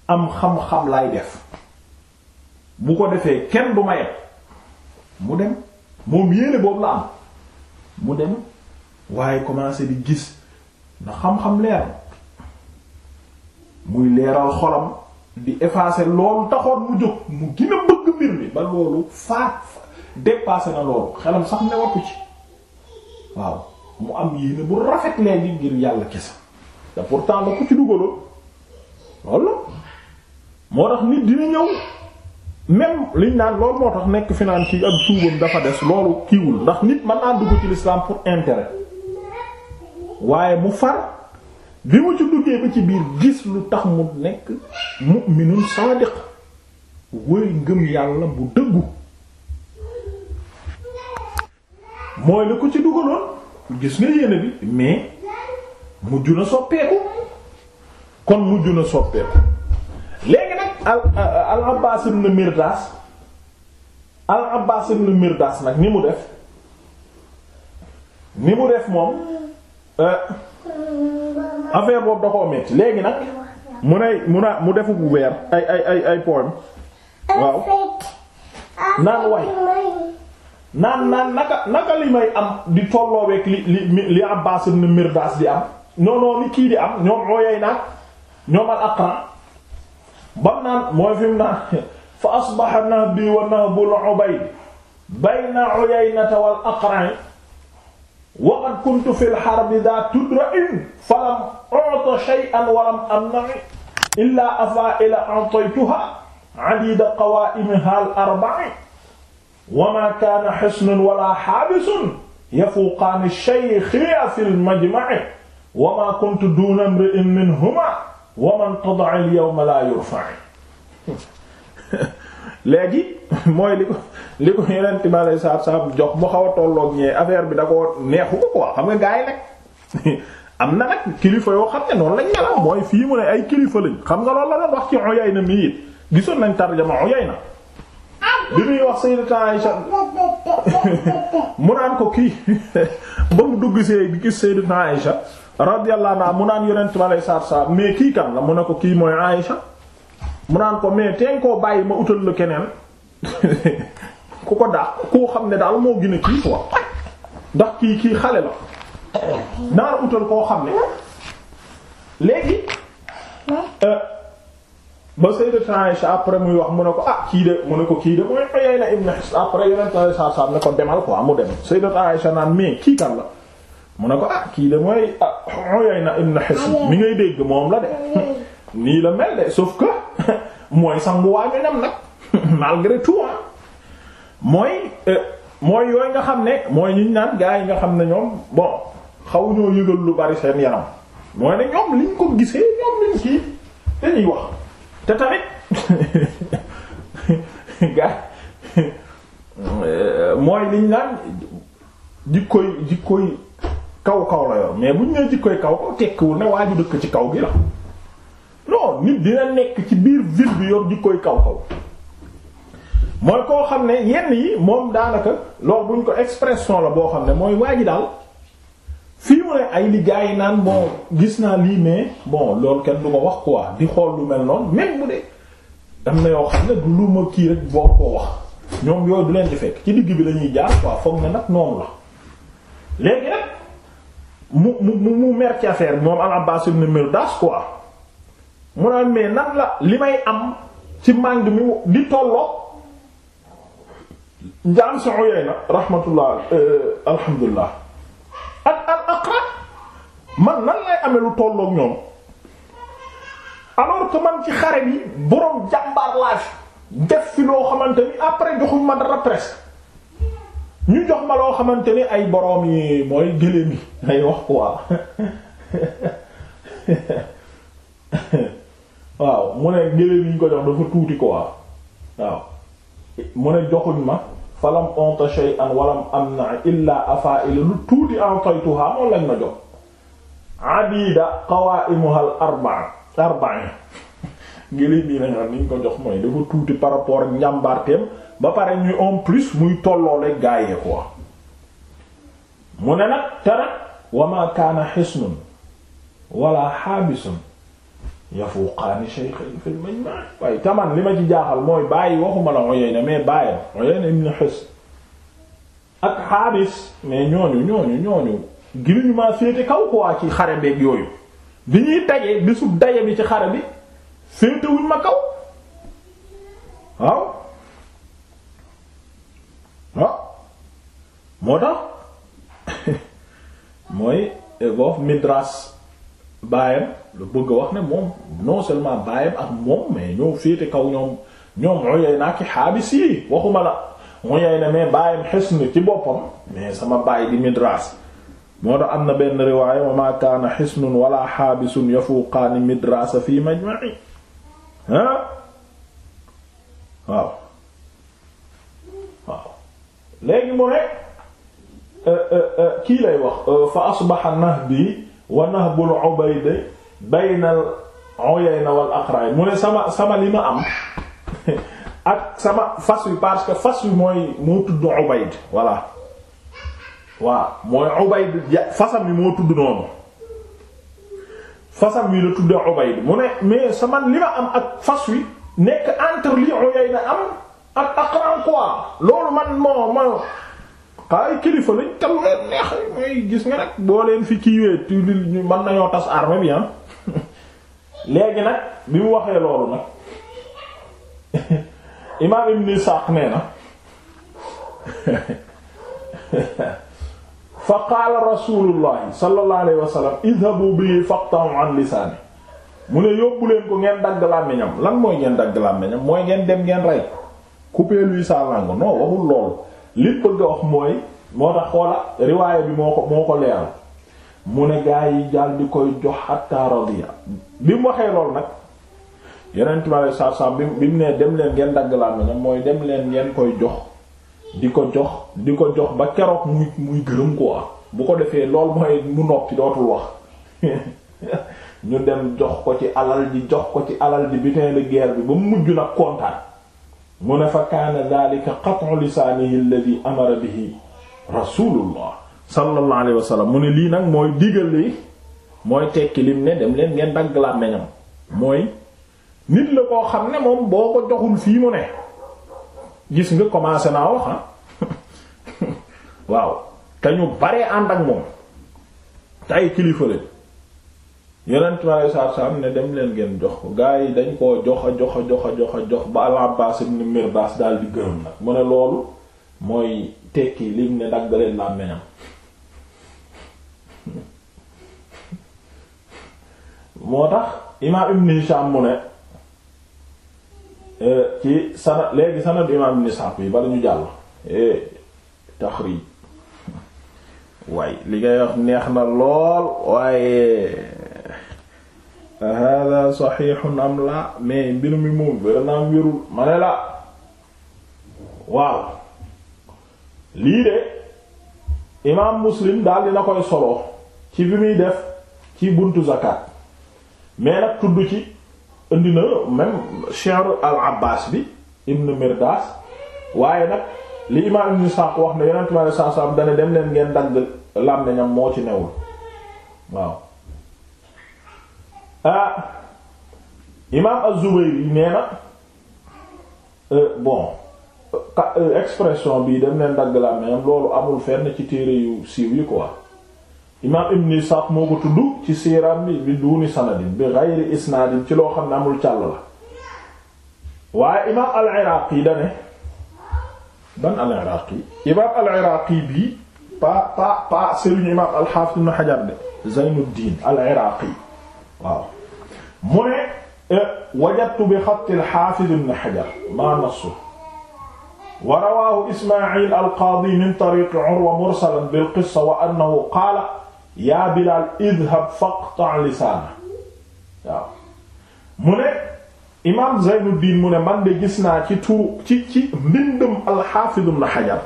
A: am xam-xam laay def bu ko defee kenn du ma yeb mu dem moom yéene boobu la am mu dem waaye commencé bi gis na xam-xam leer muy leeral xolam di effacer loolu taxoon mu jóg mu gën a bëgg mbir mi ba loolu faat dépassé na loolu xelam sax ne wattu ci waaw mu am yéene bu rafet léegi ngir yàlla kese te pourtant la ku ci dugaloo loolu moo tax nit dina ñëw même liñ naan loolu moo tax nekk finance yi ak tuubam dafa des loolu kiiwul ndax nit mën naa dugg ci l'islam pour intérêt waaye mu far bi mu ci duggee bi ci biir gis lu tax mu nekk mu'minun saadiq wëy ngëm yàlla bu dëggu mooy la ko ci dugaloon gis nga yéene bi mais mujj na soppeeku kon mujj na soppeeku léegi nag al al Abbaas ibn Mirdaas al Abbaas ibn Mirdaas nag ni mu def ni mu def moom euh, affaire boobu da koo metti léegi nag mu ne mu na mu defu bu weer ay ay ay ay poème waaw naan way naan naan naka naka li may am di tollooweek li li li Abbaas ibn Mirdaas di am noonu ni kii di am ñoom ooyey nag ñoom al bam naan mooy fi naan fa asbaha nahbi wa nahbul ubayd bayna uyaynata wal aqra wa qad kuntu fil harbi daa tudra'in falam u'ta shay'an wa lam amna'i illaa afaa'ila a'taytuhaa adiida qawaa'imihaa al-arba'i wa maa kaana hisnun walaa haabisun yafuuqaani shaykhayya fil majma'i wa maa kuntu duuna imri'in minhumaa wa man tada'a al-yawma laa yurfa'u léegi mooy li ko li ko yeneen timaale saab saab jox mu xaw a tolloog ñee affaire bi da ko neexu ko quoi xam nga gars yi am na nag kilifa yoo xam ne noonu lañ mel ah mooy fii mu ne ay kilifa lañ xam nga loolu la doon wax ci gisoon nañ tarjama Uyayna
B: bi
A: mu naan ko kii ba mu dugg see bi gis Sayyidata Aisha radiyallahu anha mu naan yeneen timaale saab saab mais kii kan la mu ne ko kii mooy Aisha. mu naan ko mais teen koo bàyyi ma utal la keneen ku ko daax koo xam ne daal moo gën a kii quoi ndax kii kii xale la naar utal koo xam ne léegi euh, ba Sayyidatu Aisha après muy wax mu ne ko ah kii de mu ne ko kii de mooy Uyayna ibn Hisn après ne ko demal quoi mu dem Sayyidatu Aisha naan mais kii la mu ne ko ah kii de mooy ah, Uyayna ibn Hisn ah, mi ngay dégg moom la de. Ah, nii la mel de sauf que mooy sangu waa ñu nem nag malgré tout ah. mooy euh, mooy yooyu nga xam ne mooy ñu naan gaa yi nga xam ne ñoom bon xaw ñoo yëgal lu bari seen yaram mooy ne ñoom liñ ko gisee ñoom liñ kii dañuy wax te tamit gaa euh, mooy liñ naan jikkoy jikkoy kaw kaw la yor mais buñ nee jikkoy kaw kaw tekkiwul ne waaju dëkk ci kaw gi la non nit dina nekk ci biir ville bi yor jikkoy kaw kaw mooy koo xam ne yenn yi moom daanaka loolu buñ ko expression la boo xam ne mooy waa ji daal fii mu ne ay li naan bon gis naa lii mais bon loolu kenn du ma wax quoi di xool lu mel noonu même bu dee am na yoo xam ne du lu ma kii rek boo koo wax ñoom yooyu du leen ci fekk ci digg bi lañuy jaar quoi foog ne nag noonu la léegi nag mu mu mu mer ci affaire bi moom al Abbas ibn Mirdas quoi. mu naan mais nan la li may am ci màng mi di tolloo njaam si Uyayna rahmatullah euh, alhamdulilah ak al Aqra man nan lay amee lu tolloog ñoom alors man ci xare bi boroom jàmbaar laaj def fi loo xamante ni après joxuñ ma dara presque ñu jox ma loo xamante ni ay boroom yi mooy gëléem yi ay wax quoi waaw mu ne gëléem yi ñu ko jox dafa tuuti ko waaw waaw mu ne joxuñ ma falam onta shay'an walam am na illa afa'il lu tuuti antaytuha moom lañ ma jox adida qawa'imuha al arba'a arba'a gëléem yi nañu ni ñu ko jox mooy dafa tuuti par rapport ak njàmbaarteem ba pare ñuy en plus muy tolloole gaayee quoi mu ne nag te nag wa ma kaana xisnun wala xaabisun yafuqaani shaykhayn fil majma' waaye taman li ma ci jaaxal mooy bàyyi waxuma la Uyayna mais bàyyam Uyayna ibn Hisn ak Haabis mais ñooñu ñooñu ñooñu giriñu maa féete kaw ko waa ci xare beeg yooyu bi ñuy dajee bisu daje bi ci xare bi féetewuñ ma kaw waaw waaw moo tax mooy eh, boof midras bàyyam lu bëgg wax ne moom non seulement baayam ak moom mais ñoo féete kaw ñoom ñoom mooy naa ki xaabis yi waxuma la mu ci boppam mais sama bàyyi di midras moo tax am na benn riwaaya wa ma kaana xisnun wala xaabisun yafuqaani midrasa fi majma'i ah waaw waaw léegi mu eh, eh, eh, kii lay wax fa asbaxa nahbi wa nahbul ubaydi baynal Uyayna wal mu ne sama sama li ma am ak sama fas wi parce que fas wi mooy moo tudd Ubayd waaw mooy Ubayd fasam wi moo tudd noonu fasam wi la tudd Ubayd mu ne mais sama li ma am ak fas wi nekk entre li Uyayna am ak Aqra quoi loolu man moo moo xaay kilifa lañ tam leen neex mooy gis nga rek boo leen fi kiiwee tu mën nañoo tas arme bi ah léegi nag bi mu waxee loolu nag imaam ibn Isaaq nee na fa qaala rasulullahi sallallahu alayhi wa sallam idhabu bihi faqta'u an lisaani mu ne yóbbu leen ko ngeen dagg làmmiñam lan mooy ngeen dagg làmmiñam mooy ngeen dem ngeen rey couper lui sa langue non waxul loolu li bëgg a wax mooy moo tax xoola riwaaya bi moo ko moo ko leeral mu ne gaa yi daal di koy jox hatta radiya bi mu waxee lool nag yeneen timale sarsam bi mu ne dem leen ngeen dagg laa nag mooy dem leen ngeen koy jox di ko jox di ko jox ba keroog muy muy gërëm ko am ah. bu ko defee lool mooy mu noppi dootul wax ñu dem jox ko ci alal ji jox ko ci alal ji bi de guerre bi ba mu mujj nag kontaan mu ne fa kaana daalika qat'u lisaanihi di amara bihi rasulullah sallallahu alayhi mu ne lii nag mooy digal li mooy tekki lim ne dem leen ngeen dagg làmmiñam mooy nit la koo xam ne moom boo ko joxul fii mu ne gis nga commencé naa wax ah waaw te ñu baree ànd ak moom te ay kilifa lañ yonent mi aleyhi salaam ne dem leen ngeen jox ko gaa yi dañ koo jox a jox a jox a jox ba al-Abbaas ibn Mirdaas di gërëm nag mu ne loolu mooy tekki lim ne dagg leen làmmiñam moo tax imaam ibn Hisham mu ne eh, ci sanad léegi sanad imaam ibn Ishaq bi bala ñu jàll eh, taxriij waaye li ngay wax neex na lool waaye eh, hada saxiixun am la mais mbir mi moom wér naa wérul ma la waaw lii de imaam Muslim daal dina koy solo ci bi muy def ci buntu zakat mais nag tudd ci indi na même cheru al abbas bi ibn mirdas waaye nag li imam ibn Sa'd wax ne yonent bi san salaam dana dem leen ngeen dagg làmmiñam moo ci newul waaw ah imam az-Zubayri nee na euh, bon euh, expression bii dem leen dagg làmmiñam loolu amul fenn ci téere yu siiw yi wax imaam ibn Isaaq moo ko tudd ci siiraam bi bi duuni sanadin bi ghayri isnaadin ci loo xam ne amul càll la waaye imaam al-Iraaqi da ne ban al-Iraaqi imaam al-Iraaqi bii pa pa pa sëriñu imaam al-Haafiz ibn Hajar de Zaynuddiin al-Iraaqi waaw mu ne eh, wajadtu bi xatti al-Haafiz ibn Hajar maa nassu wa rawaahu Ismaa'iil al-Qaadi min tariiqi Urwa mursalan bil qissa wa annahu qaala yaa Bilaal idhab faqta' lisaana waaw mu ne imaam Zeynuddin mu ne man de gis naa ci turu ci ci mbindum al-Haafiz Ibn Hajar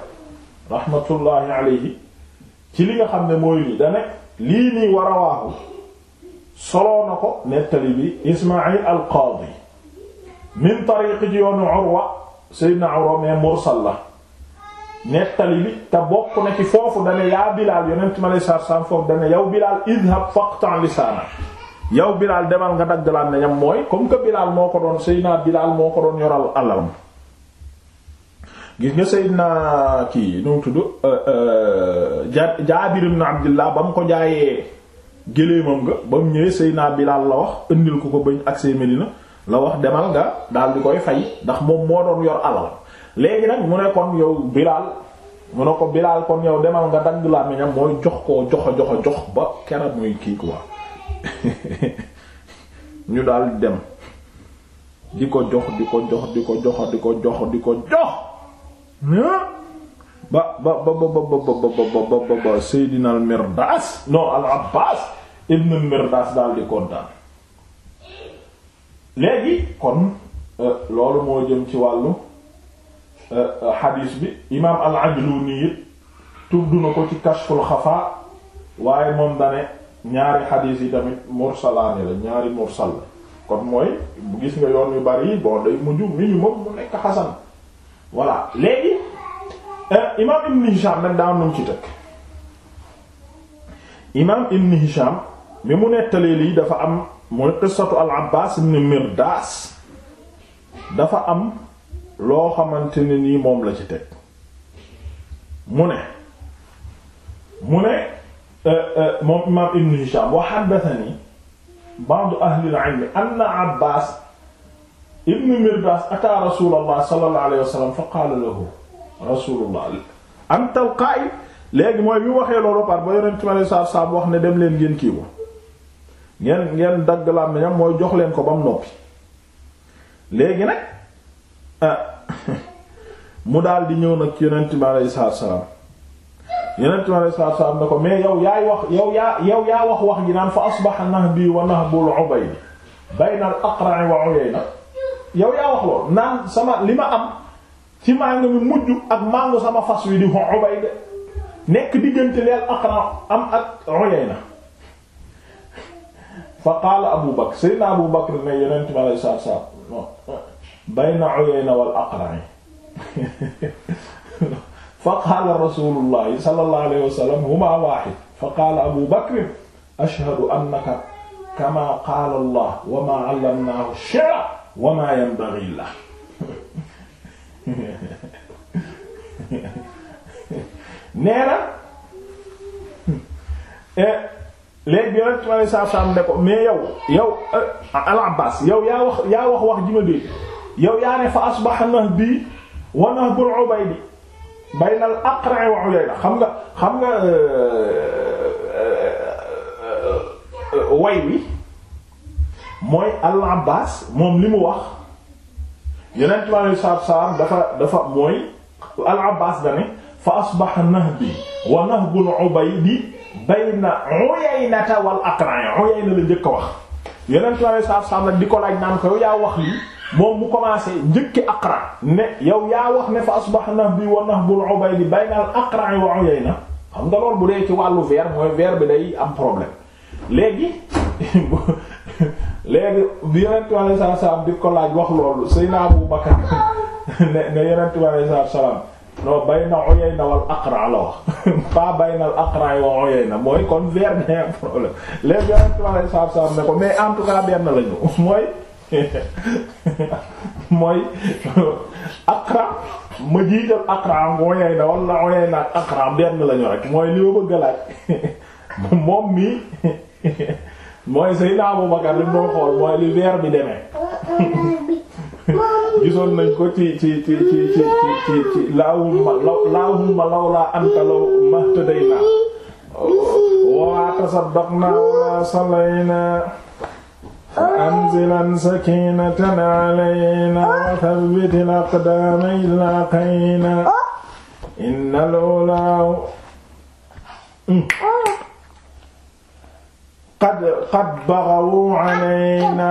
A: rahmatullahi alayhi ci li nga xam ne mooy lii da ne lii nii war a waaxu soloo na ko nettali bi Ismaa'il al-Qaadi min tariiq ji yoonu Urwa Seydina Urwa mais mursal la nettali bi te bokk na ci foofu dane yaa Bilaal yonent mi alayhi salaatu foofu dane yow Bilaal idhab faqta' lisaanak yow Bilaal demal nga dagg laan nañam mooy comme que Bilaal moo ko doon Seydina Bilaal moo ko doon yoral alalam gis nga Seydina kii nu mu tudd euh, euh, Jaabir ibn Abdillah ba mu ko jaayee géléemam nga ba mu ñëwee Seydina Bilaal la wax indil ko ko bañ ak see Medina la wax demal nga daal di koy fay ndax moom moo doon yor alalam léegi nag mu ne kon yow Bilaal mu ne ko Bilaal kon yow demal nga dagg làmmiñam mooy jox koo joxa joxa jox ba keroog muy kii quoi ñu daal dem di ko jox di ko jox di ko jox di ko jox di ko jox ba ba ba ba ba ba ba ba Seydina al Mirdaas non al Abbaas ibn Mirdaas daal di kontaan léegi kon loolu moo jëm ci wàllu Euh, euh, xadiis bi imaam al-Ajluni it tudd na ko ci kashful xafa waaye moom dane ñaari xadiis yi tamit mursalaani la ñaari mursal la kon mooy bu gis nga yoon yu bari bon day mujj minimum mu nekk xasan voilà léegi euh, imaam Ibn Hisham nag daa num ci tëkk imaam Ibn Hisham bi mu nettalee lii dafa am mooy qissatu al-Abbaas ibn Mirdaas dafa am loo xamante ni nii moom la ci teg mu ne mu ne euh, euh, moom imaam ibn Hisham wa haddathani ba'du ahli al-ilm anna Abbas ibn Mirdas ata rasulullah sallallahu alayhi wa sallam fa qaala lahu rasulullah anta al-qaa'id léegi mooy mu waxee loolu par ba yonent mi saa saabu wax ne dem leen ngeen kii ko ngeen ngeen dagg làmmiñam mooy jox leen ko ba mu noppi léegi nag. mu daal di ñëw nag yonent bi alayhi salaatu salaam yonent bi alayhi salaam ne ko mais yow yaay wax yow yaa yow yaa wax wax ji naan fa asbaha nahbi wa nahbul ubayd bayna al aqra' wa uyayna yow yaa wax lool naan sama li ma am ci màng mi mujj ak màngu sama fas wi di ubayd nekk diggante leel aqra' am ak uyayna fa qaala abu bakr sayyidina abu bakr ne yonent bi alayhi salaam bayna Uyayna wal Aqra'i fa qaala rasuulullahi sallallahu alayhi wa sallam huma waahid fa qaala Abu Bakr ashhadu annaka kamaa qaala Allah wa maa 'allamnaahu ash-shi'ra wa maa yanbaghii lahu nee na eh, léegi yonent ma ne saaf saaf ne ko mais yow yow eh, al Abbaas yow yaa wax yaa wax wax ji ma dégg yow yaa ne fa asbaha nahbi wa nahbul ubaydi bayna al aqra'i wa ulayla xam nga xam nga euh, euh, euh, way wi mooy al abbas moom li mu wax yeneen ci wàllu saabsaab dafa dafa mooy al abbas da ne fa asbaha nahbi wa nahbul ubaydi bayna uyaynata wal aqra'i uyayna la njëkk a wax yeneen ci wàllu saabsaab nag di ko laaj naan ko yow yaa wax lii. moom mu commencé njëkki Aqra ne yow yaa wax ne fa asbahna bi wa nahbul ubaydi bayna al Aqra wa Uyayna xam nga lool bu dee ci wàllu ver mooy bi day am problème léegi léegi bi yonent bi alayhi salaatu salaam di ko laaj wax loolu Seydina Abu Bakar ne ne yonent bi alayhi salaatu salaam wal Aqra la wax pas al Aqra wa Uyayna mooy kon ver bi day am problème ne ko mais en tout cas mooy. mooy Aqra ma jiital Aqra ooyay na wala ooyay na Aqra benn lañu rek mooy li ma bëgg laaj moom mi mooy Seydina Abu Bakar li doon xool mooy li weer bi demee gisoon nañ ko ci ci ci ci ci ci ci laahumma laahumma lawlaa anta law mahtadaynaa wa tasaddaqnaa wa sallaynaa anzilan sakinatan alayna wa thabbitil aqdama ilaqayna innal ulaa qad qad baghaw alayna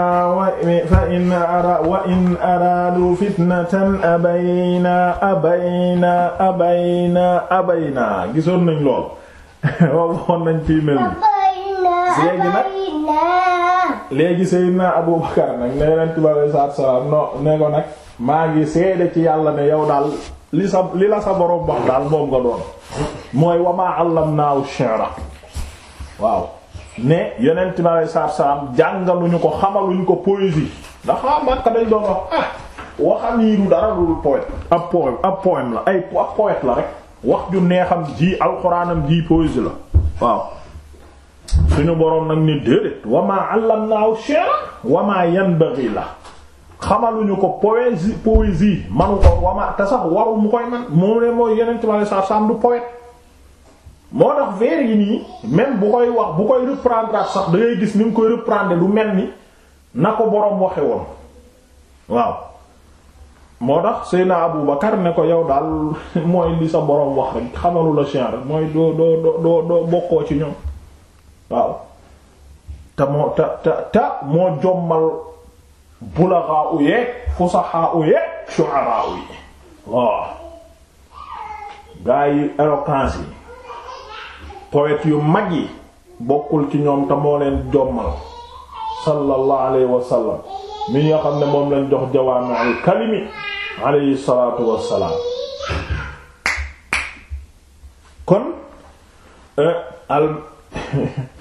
A: fa in ara wa in araadu fitnatan abayna abayna abayna abayna gisoon nañ lool waxoon nañ fii mel léegi nag léegi Seydina Abu Bakar nag ne Yonent bi alayhi salaatu wa salaam no ne ko nag maa ngi seede ci yàlla ne yow daal li sa li la sa borom wax daal moom nga doon mooy wa maa allamnaahu shi'ra waaw ne Yonent bi alayhi salaatu wa salaam jàngaluñu ko xamaluñu ko poésie ndax waa ah, Makka dañ doon wax ah waxam yi du dara lu poète ab poème ab poème la ay ab poète la rek wax ju neexam ji alxuraanam ji poésie la waaw suñu boroom nag ni déedéet wamaa allamnaahu shi'ra wamaa yanbaghi la xamaluñu ko poésie poésie manu ko wamaa te sax waru mu koy man moom ne mooy yeneen ma ne sax sam du poète moo tax vers yi nii même bu koy wax bu koy reprendre sax da gis ni mu koy reprendre lu mel ni na ko boroom waxe woon waaw moo tax Seydina Abu ne ko yow daal mooy li sa boroom wax rek xamalu la shi'ra mooy doo doo doo doo bokkoo ci ñoom waaw te moo te te te moo jommal bulaxaa u yeeg fusaxaa u yeeg shu'ara u yi waaw gaa yi éloquence yi poète yu mag yi bokkul ci ñoom te moo leen jommal sallallahu alayhi wa sallam mi nga xam ne moom lañ jox jawaami'ul kalimi alayhi salaatu wassalaam kon eh, al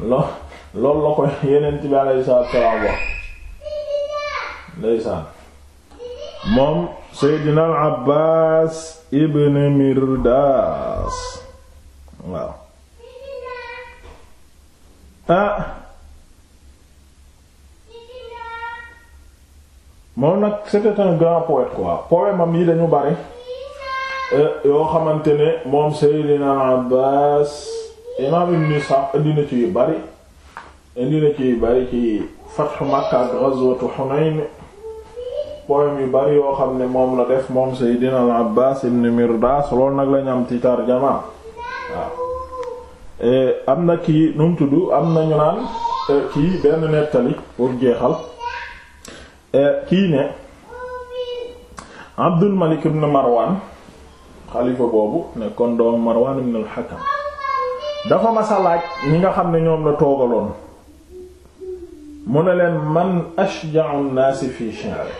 A: lo loolu la ko yeneen ci bi alayhi moom Seydina al Abbaas ibn Mirdaas waaw ah moom nag c'était un grand poète quoi poème am yi dañu bari euh, yoo xamante ne moom Seydina al imaam ibn Sa'd indi ci yu bari indi na ci yu bari ci fathu Makka ak ghazwatu Hunayn poème yu bari yoo xam ne moom la def moom Seydina al-Abbaas ibn Mirdaas loolu nag la am ci tarjama waaw eh, am na kii nu mu tudd am na naan eh, kii benn nettali pour jeexal eh, kii ne Abdul Malik ibn Marwan xalifa boobu nekkoon doom Marwan ibn al-Hakam dafa masa laaj ñi nga xam ne ñoom la toogaloon mu ne leen man ashja'u an-naasi fi shi'ri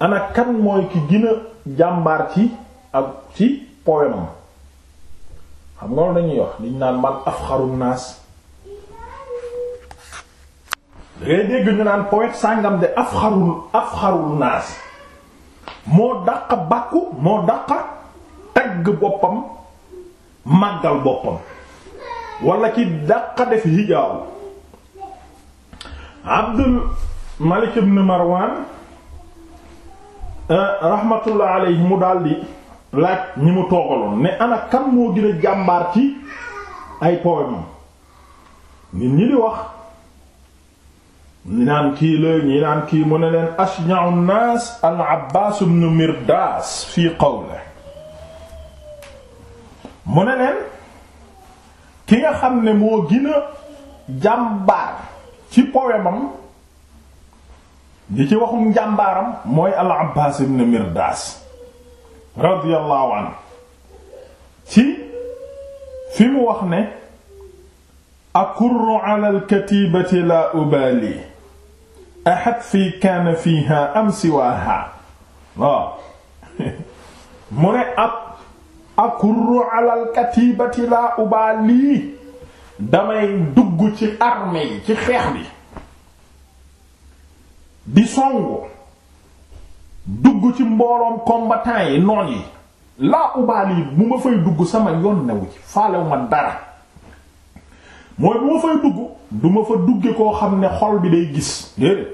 A: ana mooy ki gën a jàmbaar ci ak ci poème am xam nga loolu dañuy wax liñ naan man afxaru naas dangay dégg ñu naan poète sàngam de afxarul afxarul naas moo daq bàkku moo daq tagg boppam màggal boppam wala ci dàqa def hijaaru Abdul Malik ibn Marwan eh, rahmatullah mu daldi laaj ñi mu toogaloon ne ana kan moo gën a ci ay poème nit ñi di wax ñi naan kii la ñi naan kii mu ne leen ashja'u an al-Abbas ibn Mirdas fi qawlihi mu ne leen ki nga xam ne moo gën jàmbaar ci poemam di ci waxum jàmbaaram mooy al Abbaas ibn Mirdaas radiyallahu anhu ci fi mu wax ne akurru ala alkatibati la ubali ahad fi kaana fiha am siwaha mu ne ak akurru alal katibati laa ubaali damay dugg ci armée yi ci xeex bi di songu dugg ci mbooloom combattant yi noon yi laa yi bu ma fay dugg sama yoon newu ci faalew dara mooy bu ma fay dugg du fa dugge koo xam ne xol bi day gis déedéet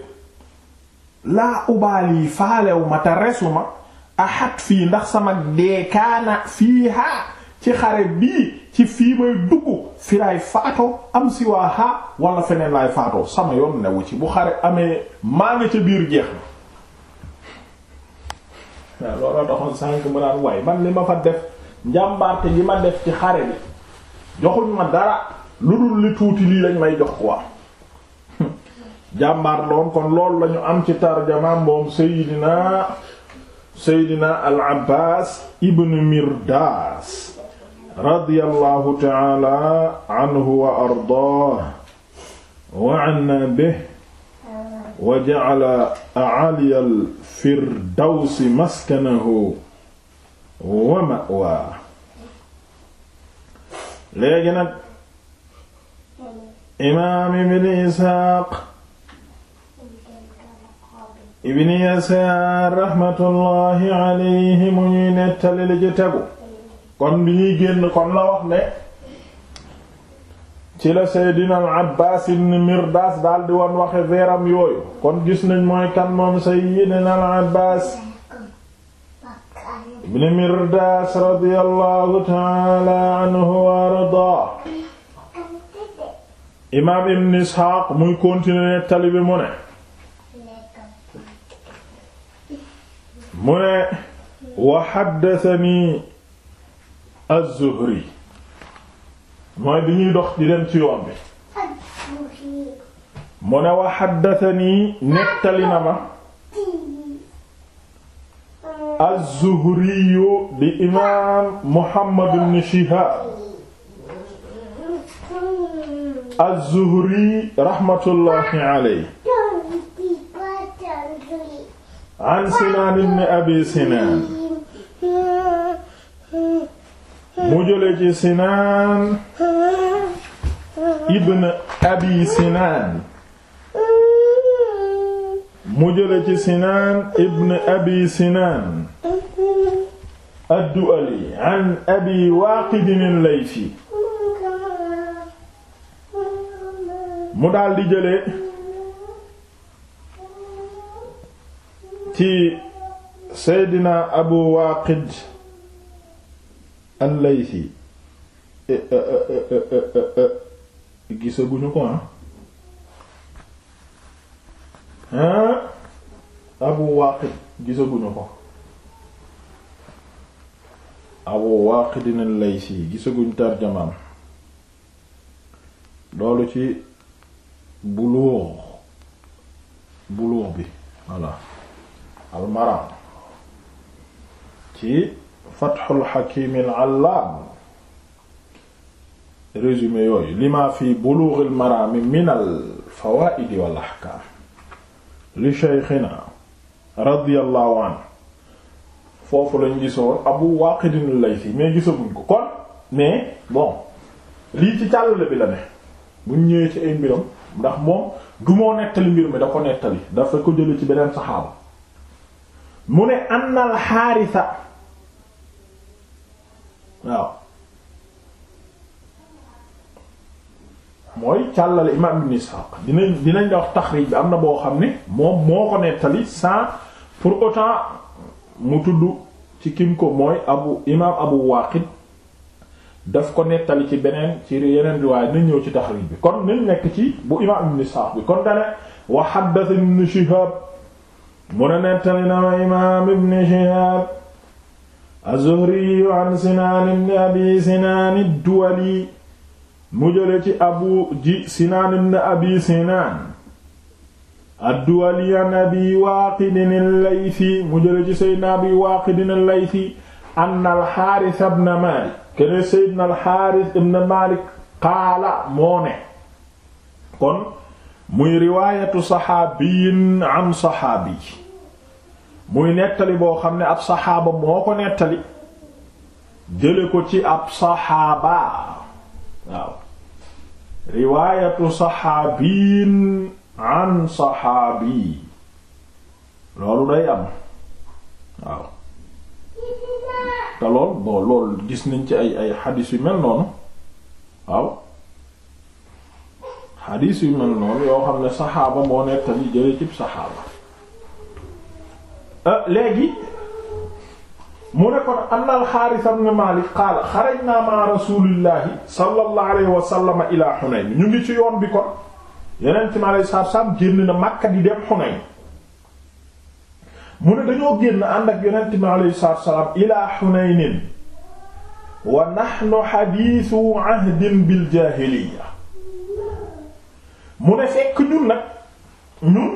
A: laa ubaali faalew ma te resu axat fii ndax sama deekaana fii haa ci xare bii ci fii may dugg fi laay faatoo am si waa haa wala feneen laay faatoo sama yoon newu ci bu xare amee maa ngi ca biir jeex na waaw looloo taxoon sànq mu naan waay man li ma fa def njàmbaarte gi ma def ci xare bi joxuñ ma dara lu dul li tuuti lii lañ may jox quoi jàmbaar loon kon loolu lañu am ci tarjama moom Seydina seydina al abbaas ibn mirdaas radiyallahu taala anhu wa ardaah wa anna bihi wa ja'ala a'ali al firdawsi maskanahu wa ma'waa léegi nag imaam ibn isaaq ibn yasaar raxmatullaahi alayhi nettali li ci tegu kon bi ñuy génn kon la wax ne ci la seydina al abbaas ibn mirdaas daldi woon waxe veeram yooyu kon gis nañ mooy kan moom seydina al abbaas ibn mirdaas radiyallahu taala anhu wa ardaa imaam ibn isxaaq muy continuer nettali bi mu ne mu ne wa xaddatani az-Zuhri mooy bi ñuy dox di dem ci yoon bi mu ne wa xaddatani nettali na ma az-Zuhriyu bi imaam Muhammad ibn Shihaab az-Zuhri raxmatullaahi alayhi an Sinaan ibn Abi Sinaan mu jële ci Sinaan ibn Abi Sinaan mu jële ci Sinaan ibn Abi Sinaan ad-Du'ali an Abi Waaqid al-Laythi mu daldi jële ci seydina abu waaqid al-laythi eh, eh, eh, gisaguñu ko ah, ah. abu waaqid gisaguñu ko abu waaqid al-laythi gisaguñu tarjamaam loolu ci buluux buluux bi voilà almaram ci fatxul xakimil allaam résumé yooyu lima fi bulughil marami min al fawaidi wal ahkam li sheykhina radiallahu an foofu lañ gisoon abu waaqidin laysi mais gisaguñ ko kon mais bon lii ci càllale bi la ne buñ ñëwee ci ay mbiram ndax moom du moo nettali mbir mi da ko nettali dafa ko jële ci beneen saxaaba mu ne am na alxaarisa waaw mooy càllale imaam ibn Ishaq dinañ dinañ la wax bi am na boo xam ne moom moo ko nettali sans pour autant mu tudd ci kim ko mooy abu imaam abu waaqid daf ko nettali ci beneen ci yeneen riwaay nañ ñëw ci taxriij bi kon nañ nekk ci bu imaam ibn Ishaq bi kon dane wa haddatha ibn Shihab mu ne nettali na ma imaam ibn Shihaab az-Zuhri an Sinaan ibn Abi Sinaan ad-Duwali mu jële ci abu ji Sinaan ibn Abi Sinaan ad-Duwali an Abi Waaqid al-Laythi mu jële ci Seydina Abi Waaqid al-Laythi anna al-Haaris ibn Maalik kene Seydina al-Haaris ibn Maalik qaala moo ne kon muy riwaayatu saxaabiyin an saxaabi muy nettali boo xam ne ab saxaaba moo ko nettali jële ko ci ab saxaaba waaw riwaayatu saxaabiyin an saxaabi loolu day am waaw te lool boo lool gis nañ ci ay ay xadiis yu mel noonu waaw xadiis yu mel noonu yoo xam ne saxaaba moo nettali jële cib saxaaba euh, léegi mu ne kon anna al-Haaris ibn Maalik qaala xarajnaa ma'a rasuulillaahi sallallaahu alayhi wa sallam ilaa Hunayn ñu ngi ci yoon bi kon yeneen ci maaley saab saab génn na Makka di dem Hunayn mu ne dañoo génn ànd ak yonent mi alayhi salaatu wassalaam ilaa Hunaynin wa nahnu hadiisu ahdin bil jaahiliyya mu ne fekk ñun nag ñun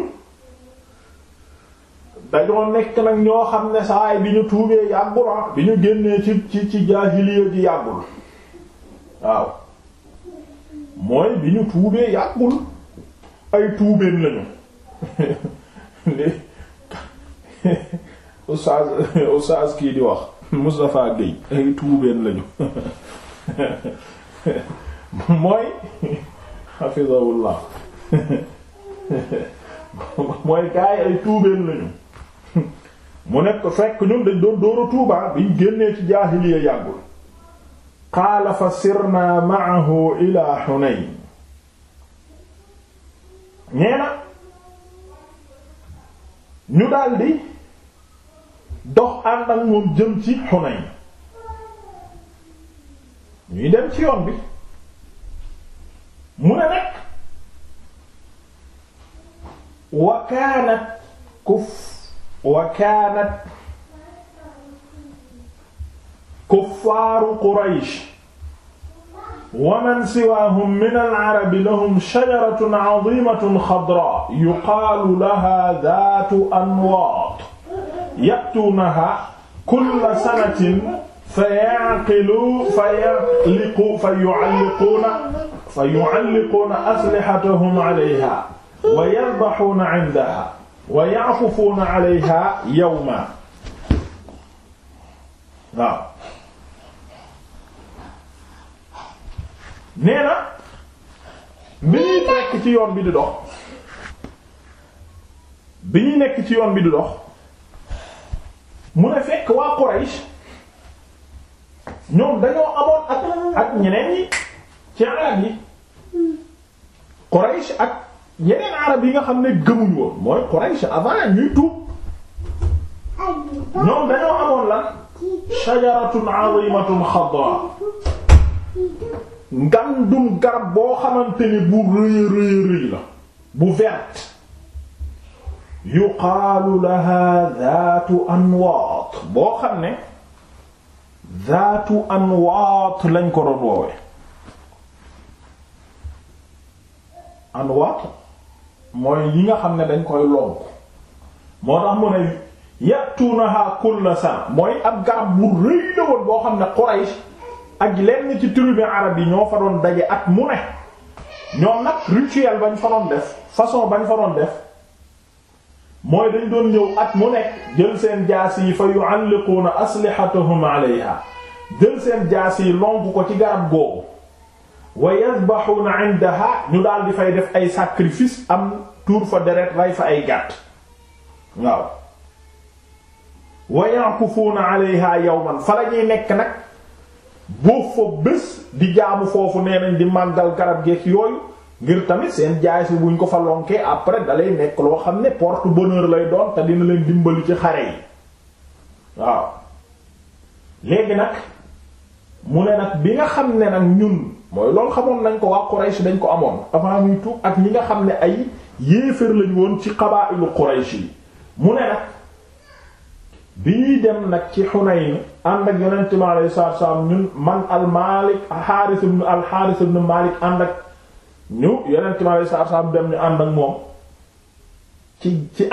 A: dañoo nekk nag ñoo xam ne saay bi ñu tuubee yàggul ah bi ñu génnee ci ci ci jaahiliya ji yàggul waaw mooy bi ñu tuubee yàggul ay tuubeen kii di wax Moustapha lañu mooy xafizahullah mooy gaay ay tuubeen lañu mu nekk fekk ñun dañ doon dóora tuubaa biñ génnee ci jaahiliya yàggul qaala fa sirna maahu ila Hunayn nee ñu daldi dox ànd ak moom jëm ci Hunayn ñuy dem ci yoon bi mu ne nag wa kaanat kuf wa kaanat kuffaaru quraysh wa man siwaahum min al-arabi lahum shajaratun aziimatun xadraa yuqaalu lahaa zaatu anwaat ya'tuunahaa kulla sanatin faya'liquuna fa yu'alliquuna aslihatahum alayha wa yadbahuuna 'indaha wa ya'kufuuna 'alayha yawma waaw nekk ci yoon bi di dox bi ñuy nekk ci yoon bi di dox mu ne fekk ci arab yi Quraysh ak yeneen nga xam ne gëmuñ woon mooy Quraysh avant ñuy tuub
B: ñoom dañoo amoon lan
A: shajaratun azimatun xadra ngandum garab boo xamante ni bu rëy rëy rëy bu verte yuqaalu laha zaatu anwaat boo ne zaatu anwaat lañ ko anwa mooy yi nga xam ne dañ koy lonk moo tax mu ne yatuunaha kulla sana mooy ab garab bu rëy la boo xam ne Quraysh ak lenn ci tribu arab yi ñoo fa doon daje at mu ne ñoom nag rituel bañ fa doon def façon bañ fa doon def mooy dañ doon ñëw at mu nekk jël seen jaas yi fa yu'alliquuna aslihatahum alayha jël seen jaas yi lonk ko ci garab googu wa yadbahuuna indaha ñu daal di fay def ay sacrifice am tuur fa deret rey fa ay gàtt waaw wa yaqufuuna alayha yawman fa la ñuy nekk nag boo fa bés di jaamu foofu nee nañ di màggal garab geek yooyu ngir tamit seen jaay si buñ ko fa lonkee après dalay nekk loo xam ne porte-bonheur lay doon te dina leen dimbali ci xare yi waaw léegi nag mu ne nag bi nga xam ne nag ñun mooy loolu xamoon nañ ko waa Quraysh dañ ko amoon avant ñuy tuub ak ñi nga xam ne ay yéeféer lañu woon ci xabaa'ilu Quraysh mu ne nag bi dem nag ci Hunayn ànd ak yonent mi alayhi salaatu salaam ñun man al Maalik Haaris ibn al Haaris ibn Maalik ànd ak salaam dem ñu ànd ak moom ci ci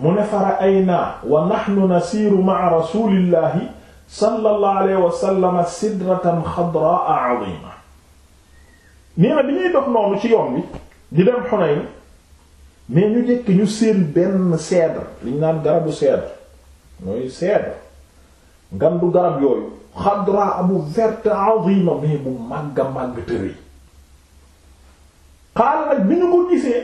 A: mu ne fara'aynaa wa nahnu nasiiru ma'a rasuulillahi sallallahu alayhi wa sallam sidratan xadraa azima nee na bi ñuy dox noonu ci yoon bi di dem Xunayn mais ñu jëkk ñu seen benn cèdre li ñu naan garabu cèdre mooy cèdre ngan du garab yooyu xadraa abu verte azima mais bu màgg a màgg tëri xaal nag bi ñu ko gisee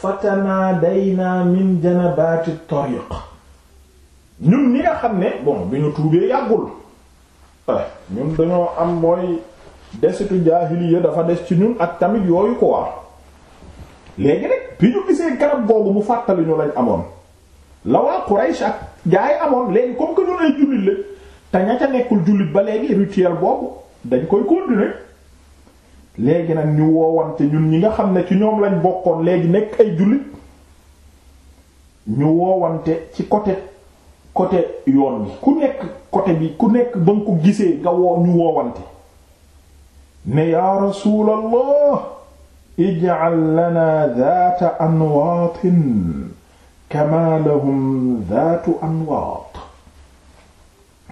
A: fatanaadaynaa min janabaati tariq ñun ñi nga xam ne bon bi ñu tuubee yàggul ñun dañoo am mooy desitu jaahiliya dafa des ci ñun ak tamit yooyu ko waa léegi nag bi ñu gisee garab googu mu fàttali ñu lañ amoon la waa Quraysh ak jaay amoon léegi comme que ñun ay jullit la te ña ca nekkul jullit ba léegi rituel boobu dañ koy continuer léegi nag ñu woowante ñun ñi nga xam ne ci ñoom lañ bokkoon léegi nekk ay jullit ñu woowante ci côté côté yoon bi ku nekk côté bi ku nekk ba nga ko gisee nga woo ñu woowante ne yaa rasuulallah ij'al lana dhaata anwaatin kama lahum dhaatu anwaat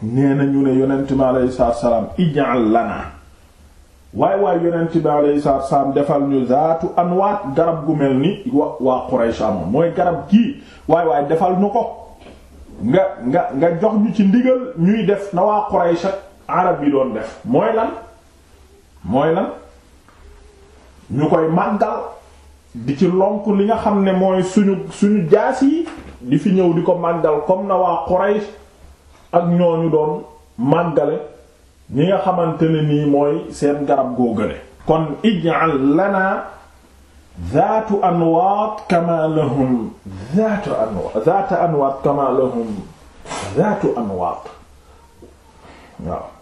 A: nee na ñu ne yonent bi alayhi salaatu salaam ij'al lana waay waay yonent bi alayhi salaam defal ñu dhaatu anwaat garab gu mel ni wa waa Quraysh mooy garab gii waay waay defal ñu ko nga nga nga jox ñu ci ndigal ñuy def na waa Quraysh ak arab yi doon def mooy lan mooy lan ñu koy màggal di ci lonk li nga xam ne mooy suñu suñu jaas yi di fi ñëw di ko màggal comme na waa Quraysh ak ñooñu doon màggale ñi nga xamante ne nii mooy seen garab goo gëne kon ij'al lana zaatu anwaat kama lahum zaatu anwaat zaatu
B: anwaat kama lahum zaatu anwaat waaw